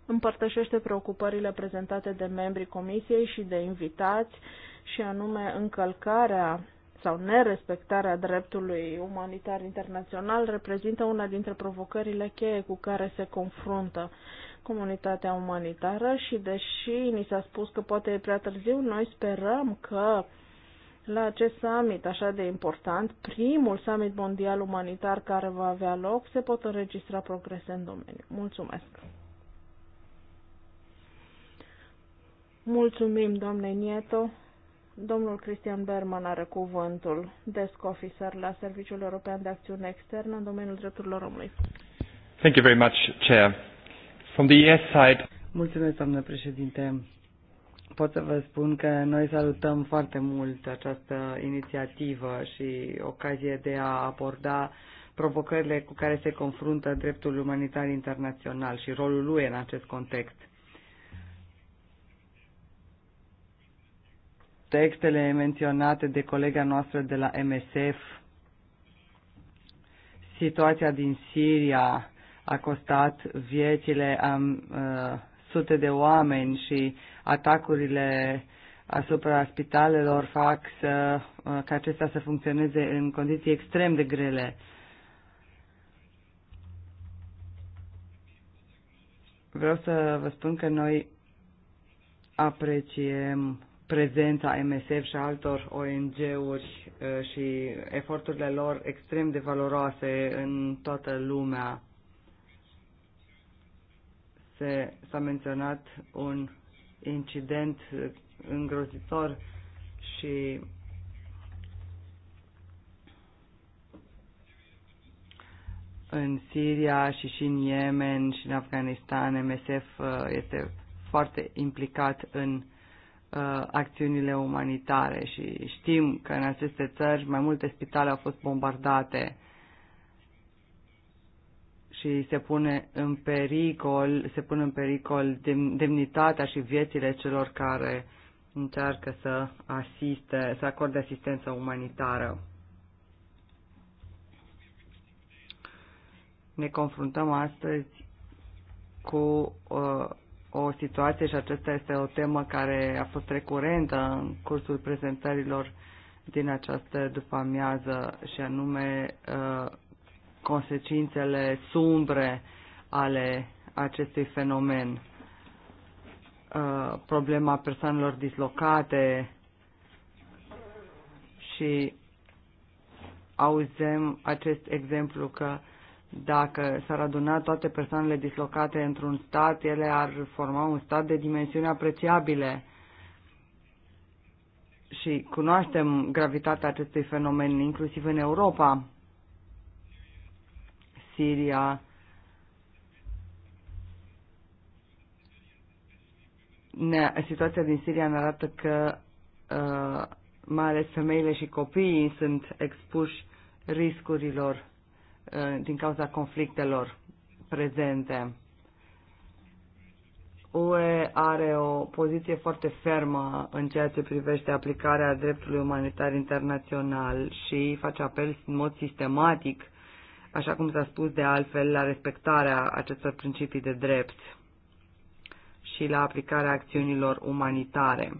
Speaker 1: împărtășește preocupările prezentate de membrii Comisiei și de invitați și anume încălcarea sau nerespectarea dreptului umanitar internațional reprezintă una dintre provocările cheie cu care se confruntă comunitatea umanitară și deși ni s-a spus că poate e prea târziu, noi sperăm că la acest summit așa de important, primul summit mondial umanitar care va avea loc, se pot înregistra progrese în domeniu. Mulțumesc! Mulțumim, doamne Nieto! Domnul Cristian Berman are cuvântul, desk officer la Serviciul European de Acțiune Externă în domeniul drepturilor omului.
Speaker 2: Thank you very much,
Speaker 3: Chair. From the ES side... Mulțumesc, doamnă președinte. Pot să vă spun că noi salutăm foarte mult această inițiativă și ocazie de a aborda provocările cu care se confruntă dreptul umanitar internațional și rolul lui în acest context. textele menționate de colega noastră de la MSF, situația din Siria a costat viețile a uh, sute de oameni și atacurile asupra spitalelor fac să, uh, ca acestea să funcționeze în condiții extrem de grele. Vreau să vă spun că noi apreciem prezența MSF și altor ONG-uri uh, și eforturile lor extrem de valoroase în toată lumea. Se, s-a menționat un incident îngrozitor și în Siria și și în Yemen și în Afganistan MSF uh, este foarte implicat în Uh, acțiunile umanitare și știm că în aceste țări mai multe spitale au fost bombardate și se pune în pericol, se pune în pericol demnitatea și viețile celor care încearcă să asiste, să acorde asistență umanitară. Ne confruntăm astăzi cu uh, o situație și acesta este o temă care a fost recurentă în cursul prezentărilor din această după-amiază și anume uh, consecințele sumbre ale acestui fenomen. Uh, problema persoanelor dislocate și auzem acest exemplu că dacă s-ar aduna toate persoanele dislocate într-un stat, ele ar forma un stat de dimensiuni apreciabile. Și cunoaștem gravitatea acestui fenomen, inclusiv în Europa. Siria, ne, situația din Siria ne arată că uh, mai ales femeile și copiii sunt expuși riscurilor Uh, din cauza conflictelor prezente. UE are o poziție foarte fermă în ceea ce privește aplicarea dreptului umanitar internațional și face apel în mod sistematic, așa cum s-a spus de altfel, la respectarea acestor principii de drept și la aplicarea acțiunilor umanitare.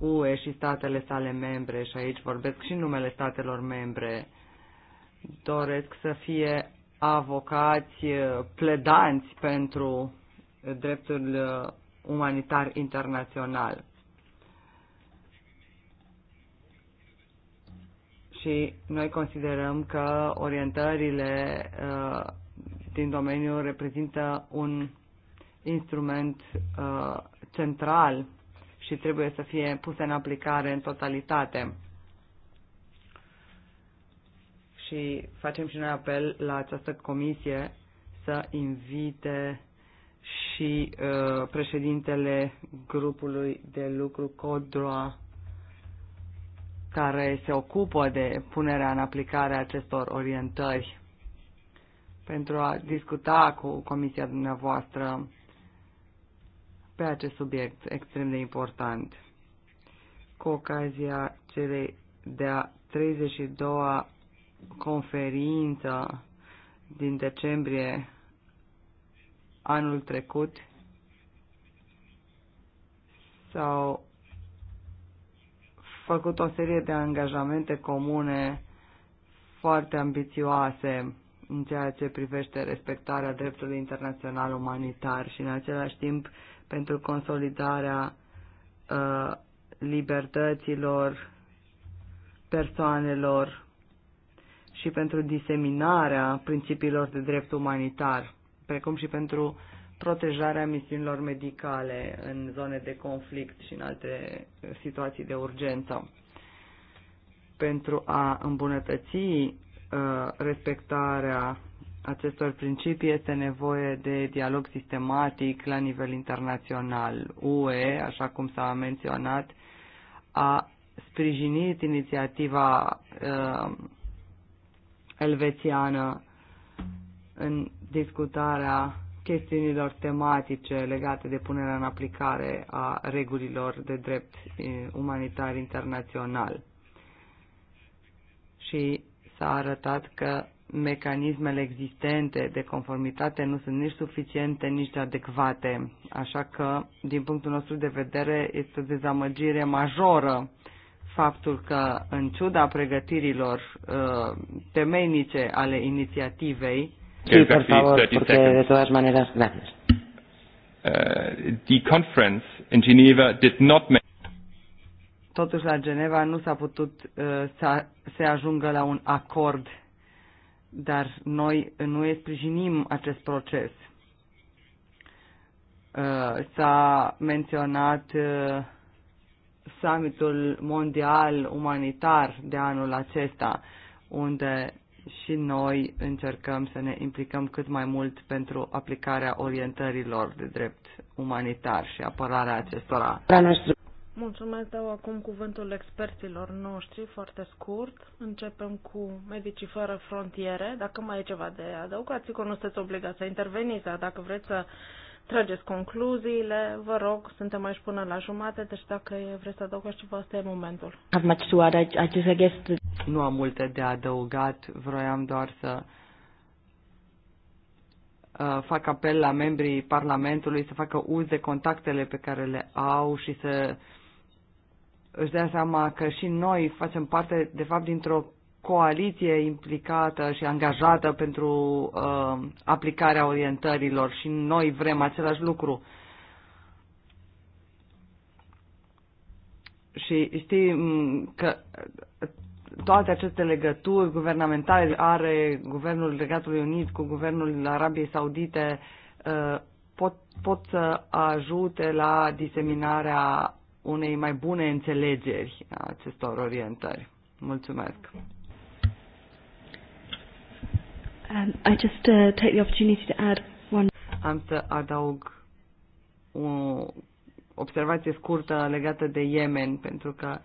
Speaker 3: UE și statele sale membre, și aici vorbesc și numele statelor membre, doresc să fie avocați pledanți pentru dreptul uh, umanitar internațional. Și noi considerăm că orientările uh, din domeniu reprezintă un instrument uh, central și trebuie să fie puse în aplicare în totalitate. Și facem și noi apel la această comisie să invite și uh, președintele grupului de lucru CODROA care se ocupă de punerea în aplicare a acestor orientări pentru a discuta cu comisia dumneavoastră pe acest subiect extrem de important. Cu ocazia celei de-a 32-a conferință din decembrie anul trecut s-au făcut o serie de angajamente comune foarte ambițioase în ceea ce privește respectarea dreptului internațional umanitar și în același timp pentru consolidarea uh, libertăților persoanelor și pentru diseminarea principiilor de drept umanitar, precum și pentru protejarea misiunilor medicale în zone de conflict și în alte situații de urgență. Pentru a îmbunătăți uh, respectarea acestor principii este nevoie de dialog sistematic la nivel internațional. UE, așa cum s-a menționat, a sprijinit inițiativa uh, elvețiană în discutarea chestiunilor tematice legate de punerea în aplicare a regulilor de drept uh, umanitar internațional. Și s-a arătat că mecanismele existente de conformitate nu sunt nici suficiente, nici adecvate. Așa că, din punctul nostru de vedere, este o dezamăgire majoră faptul că, în ciuda pregătirilor uh, temeinice ale inițiativei, uh, Totuși, la Geneva nu s-a putut uh, să se ajungă la un acord dar noi nu îi sprijinim acest proces. Uh, s-a menționat uh, summitul mondial umanitar de anul acesta, unde și noi încercăm să ne implicăm cât mai mult pentru aplicarea orientărilor de drept umanitar și apărarea acestora.
Speaker 1: Mulțumesc, dau acum cuvântul experților noștri, foarte scurt. Începem cu Medicii Fără Frontiere. Dacă mai e ceva de adăugat, sigur nu sunteți obligați să interveniți, dar dacă vreți să trageți concluziile, vă rog, suntem aici până la jumate, deci dacă vreți să adăugați ceva, asta e momentul.
Speaker 3: Nu am multe de adăugat, vroiam doar să uh, fac apel la membrii Parlamentului să facă uz de contactele pe care le au și să își dea seama că și noi facem parte, de fapt, dintr-o coaliție implicată și angajată pentru uh, aplicarea orientărilor și noi vrem același lucru. Și știi că toate aceste legături guvernamentale are Guvernul Regatului Unit cu Guvernul Arabiei Saudite uh, pot, pot să ajute la diseminarea unei mai bune înțelegeri a acestor orientări. Mulțumesc! Um, I just uh, take the opportunity to add one. Am să adaug o observație scurtă legată de Yemen, pentru că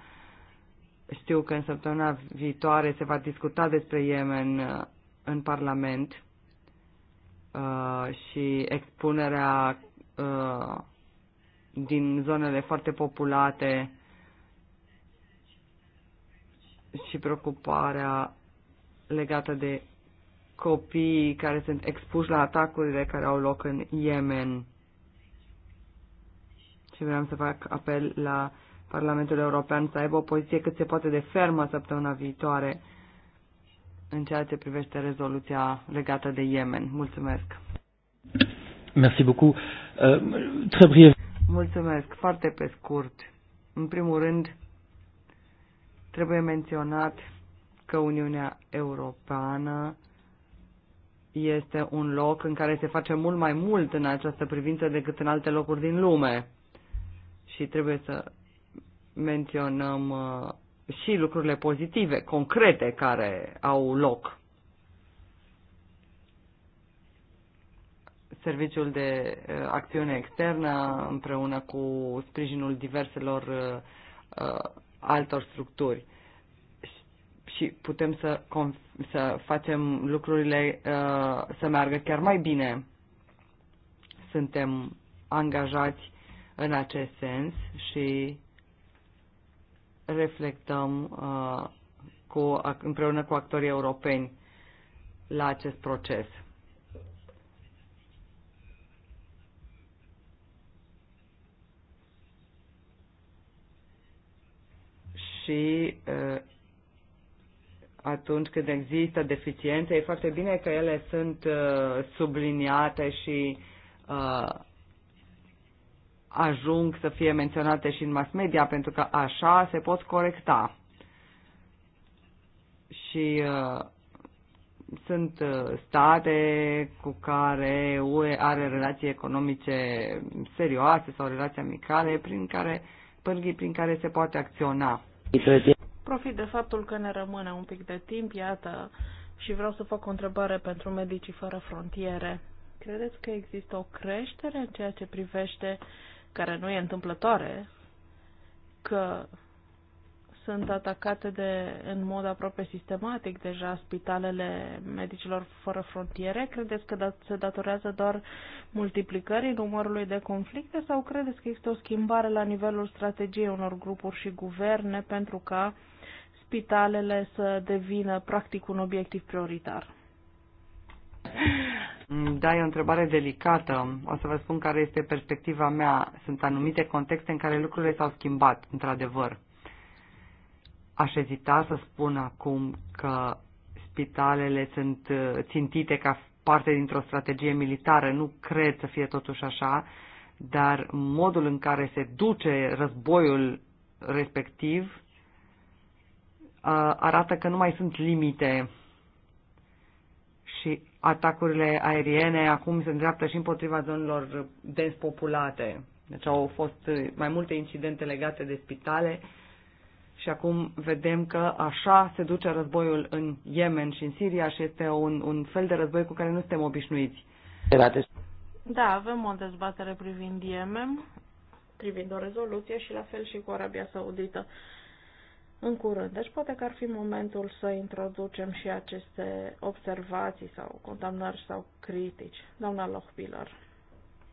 Speaker 3: știu că în săptămâna viitoare se va discuta despre Yemen uh, în Parlament uh, și expunerea uh, din zonele foarte populate și preocuparea legată de copii care sunt expuși la atacurile care au loc în Yemen. Și vreau să fac apel la Parlamentul European să aibă o poziție cât se poate de fermă săptămâna viitoare în ceea ce privește rezoluția legată de Yemen. Mulțumesc!
Speaker 2: Merci beaucoup. Uh, très brief.
Speaker 3: Mulțumesc. Foarte pe scurt. În primul rând, trebuie menționat că Uniunea Europeană este un loc în care se face mult mai mult în această privință decât în alte locuri din lume. Și trebuie să menționăm uh, și lucrurile pozitive, concrete, care au loc Serviciul de uh, Acțiune Externă împreună cu sprijinul diverselor uh, altor structuri. Și putem să, să facem lucrurile uh, să meargă chiar mai bine. Suntem angajați în acest sens și reflectăm uh, cu, împreună cu actorii europeni la acest proces. și uh, atunci când există deficiențe, e foarte bine că ele sunt uh, subliniate și uh, ajung să fie menționate și în mass media, pentru că așa se pot corecta. Și uh, sunt state cu care UE are relații economice serioase sau relații amicale prin care, pârghii prin care se poate acționa.
Speaker 1: Profit de faptul că ne rămâne un pic de timp, iată, și vreau să fac o întrebare pentru Medicii Fără Frontiere. Credeți că există o creștere în ceea ce privește, care nu e întâmplătoare, că sunt atacate de, în mod aproape sistematic deja spitalele medicilor fără frontiere. Credeți că se datorează doar multiplicării numărului de conflicte sau credeți că există o schimbare la nivelul strategiei unor grupuri și guverne pentru ca spitalele să devină practic un obiectiv prioritar?
Speaker 3: Mm, da, e o întrebare delicată. O să vă spun care este perspectiva mea. Sunt anumite contexte în care lucrurile s-au schimbat, într-adevăr. Aș ezita să spun acum că spitalele sunt uh, țintite ca parte dintr-o strategie militară, nu cred să fie totuși așa, dar modul în care se duce războiul respectiv uh, arată că nu mai sunt limite și atacurile aeriene acum se îndreaptă și împotriva zonelor dens populate. Deci au fost mai multe incidente legate de spitale și acum vedem că așa se duce războiul în Yemen și în Siria și este un, un fel de război cu care nu suntem obișnuiți.
Speaker 1: Da, avem o dezbatere privind Yemen, privind o rezoluție și la fel și cu Arabia Saudită în curând. Deci poate că ar fi momentul să introducem și aceste observații sau condamnări sau critici. Doamna Lochbiller.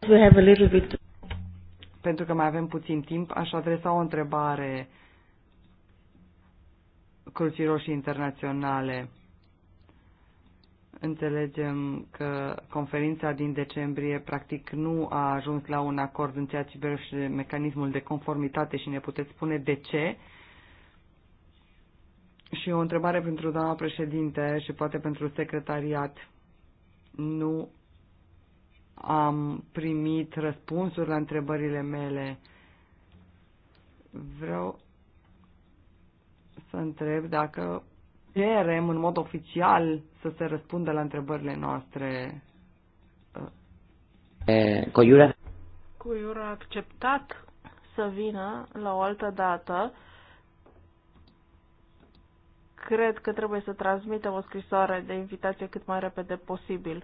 Speaker 3: We have a little bit... Pentru că mai avem puțin timp, aș adresa o întrebare Crucii Roșii Internaționale. Înțelegem că conferința din decembrie practic nu a ajuns la un acord în ceea ce privește mecanismul de conformitate și ne puteți spune de ce. Și o întrebare pentru doamna președinte și poate pentru secretariat. Nu am primit răspunsuri la întrebările mele. Vreau să întreb dacă cerem în mod oficial să se răspundă la întrebările noastre.
Speaker 2: Eh, Coiura?
Speaker 1: Coiura a acceptat să vină la o altă dată. Cred că trebuie să transmitem o scrisoare de invitație cât mai repede posibil,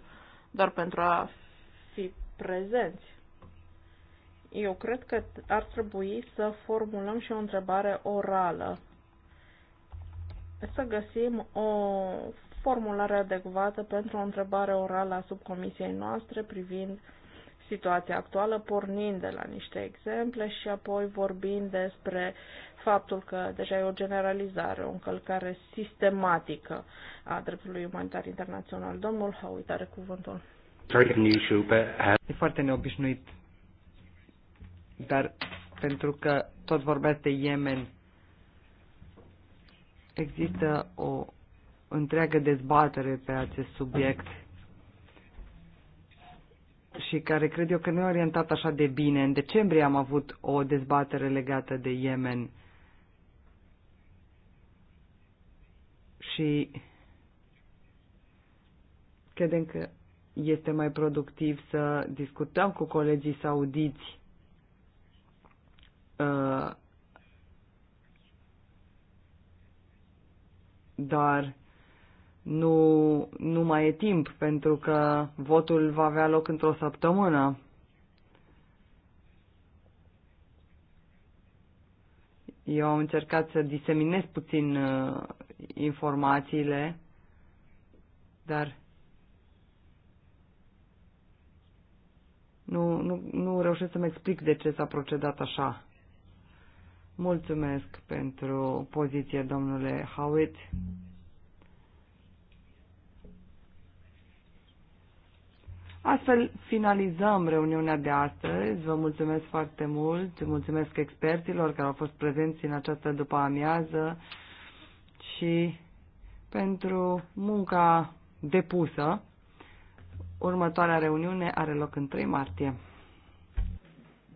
Speaker 1: doar pentru a fi prezenți. Eu cred că ar trebui să formulăm și o întrebare orală să găsim o formulare adecvată pentru o întrebare orală a subcomisiei noastre privind situația actuală, pornind de la niște exemple și apoi vorbind despre faptul că deja e o generalizare, o încălcare sistematică a dreptului umanitar internațional. Domnul Hauit are cuvântul.
Speaker 3: E foarte neobișnuit, dar pentru că tot vorbeați de Yemen, Există o întreagă dezbatere pe acest subiect și care cred eu că nu e orientat așa de bine. În decembrie am avut o dezbatere legată de Yemen și credem că este mai productiv să discutăm cu colegii saudiți uh, dar nu, nu mai e timp pentru că votul va avea loc într-o săptămână. Eu am încercat să diseminez puțin uh, informațiile, dar nu, nu, nu reușesc să-mi explic de ce s-a procedat așa. Mulțumesc pentru poziție, domnule Howitt. Astfel finalizăm reuniunea de astăzi. Vă mulțumesc foarte mult, mulțumesc experților care au fost prezenți în această după amiază și pentru munca depusă. Următoarea reuniune are loc în 3 martie.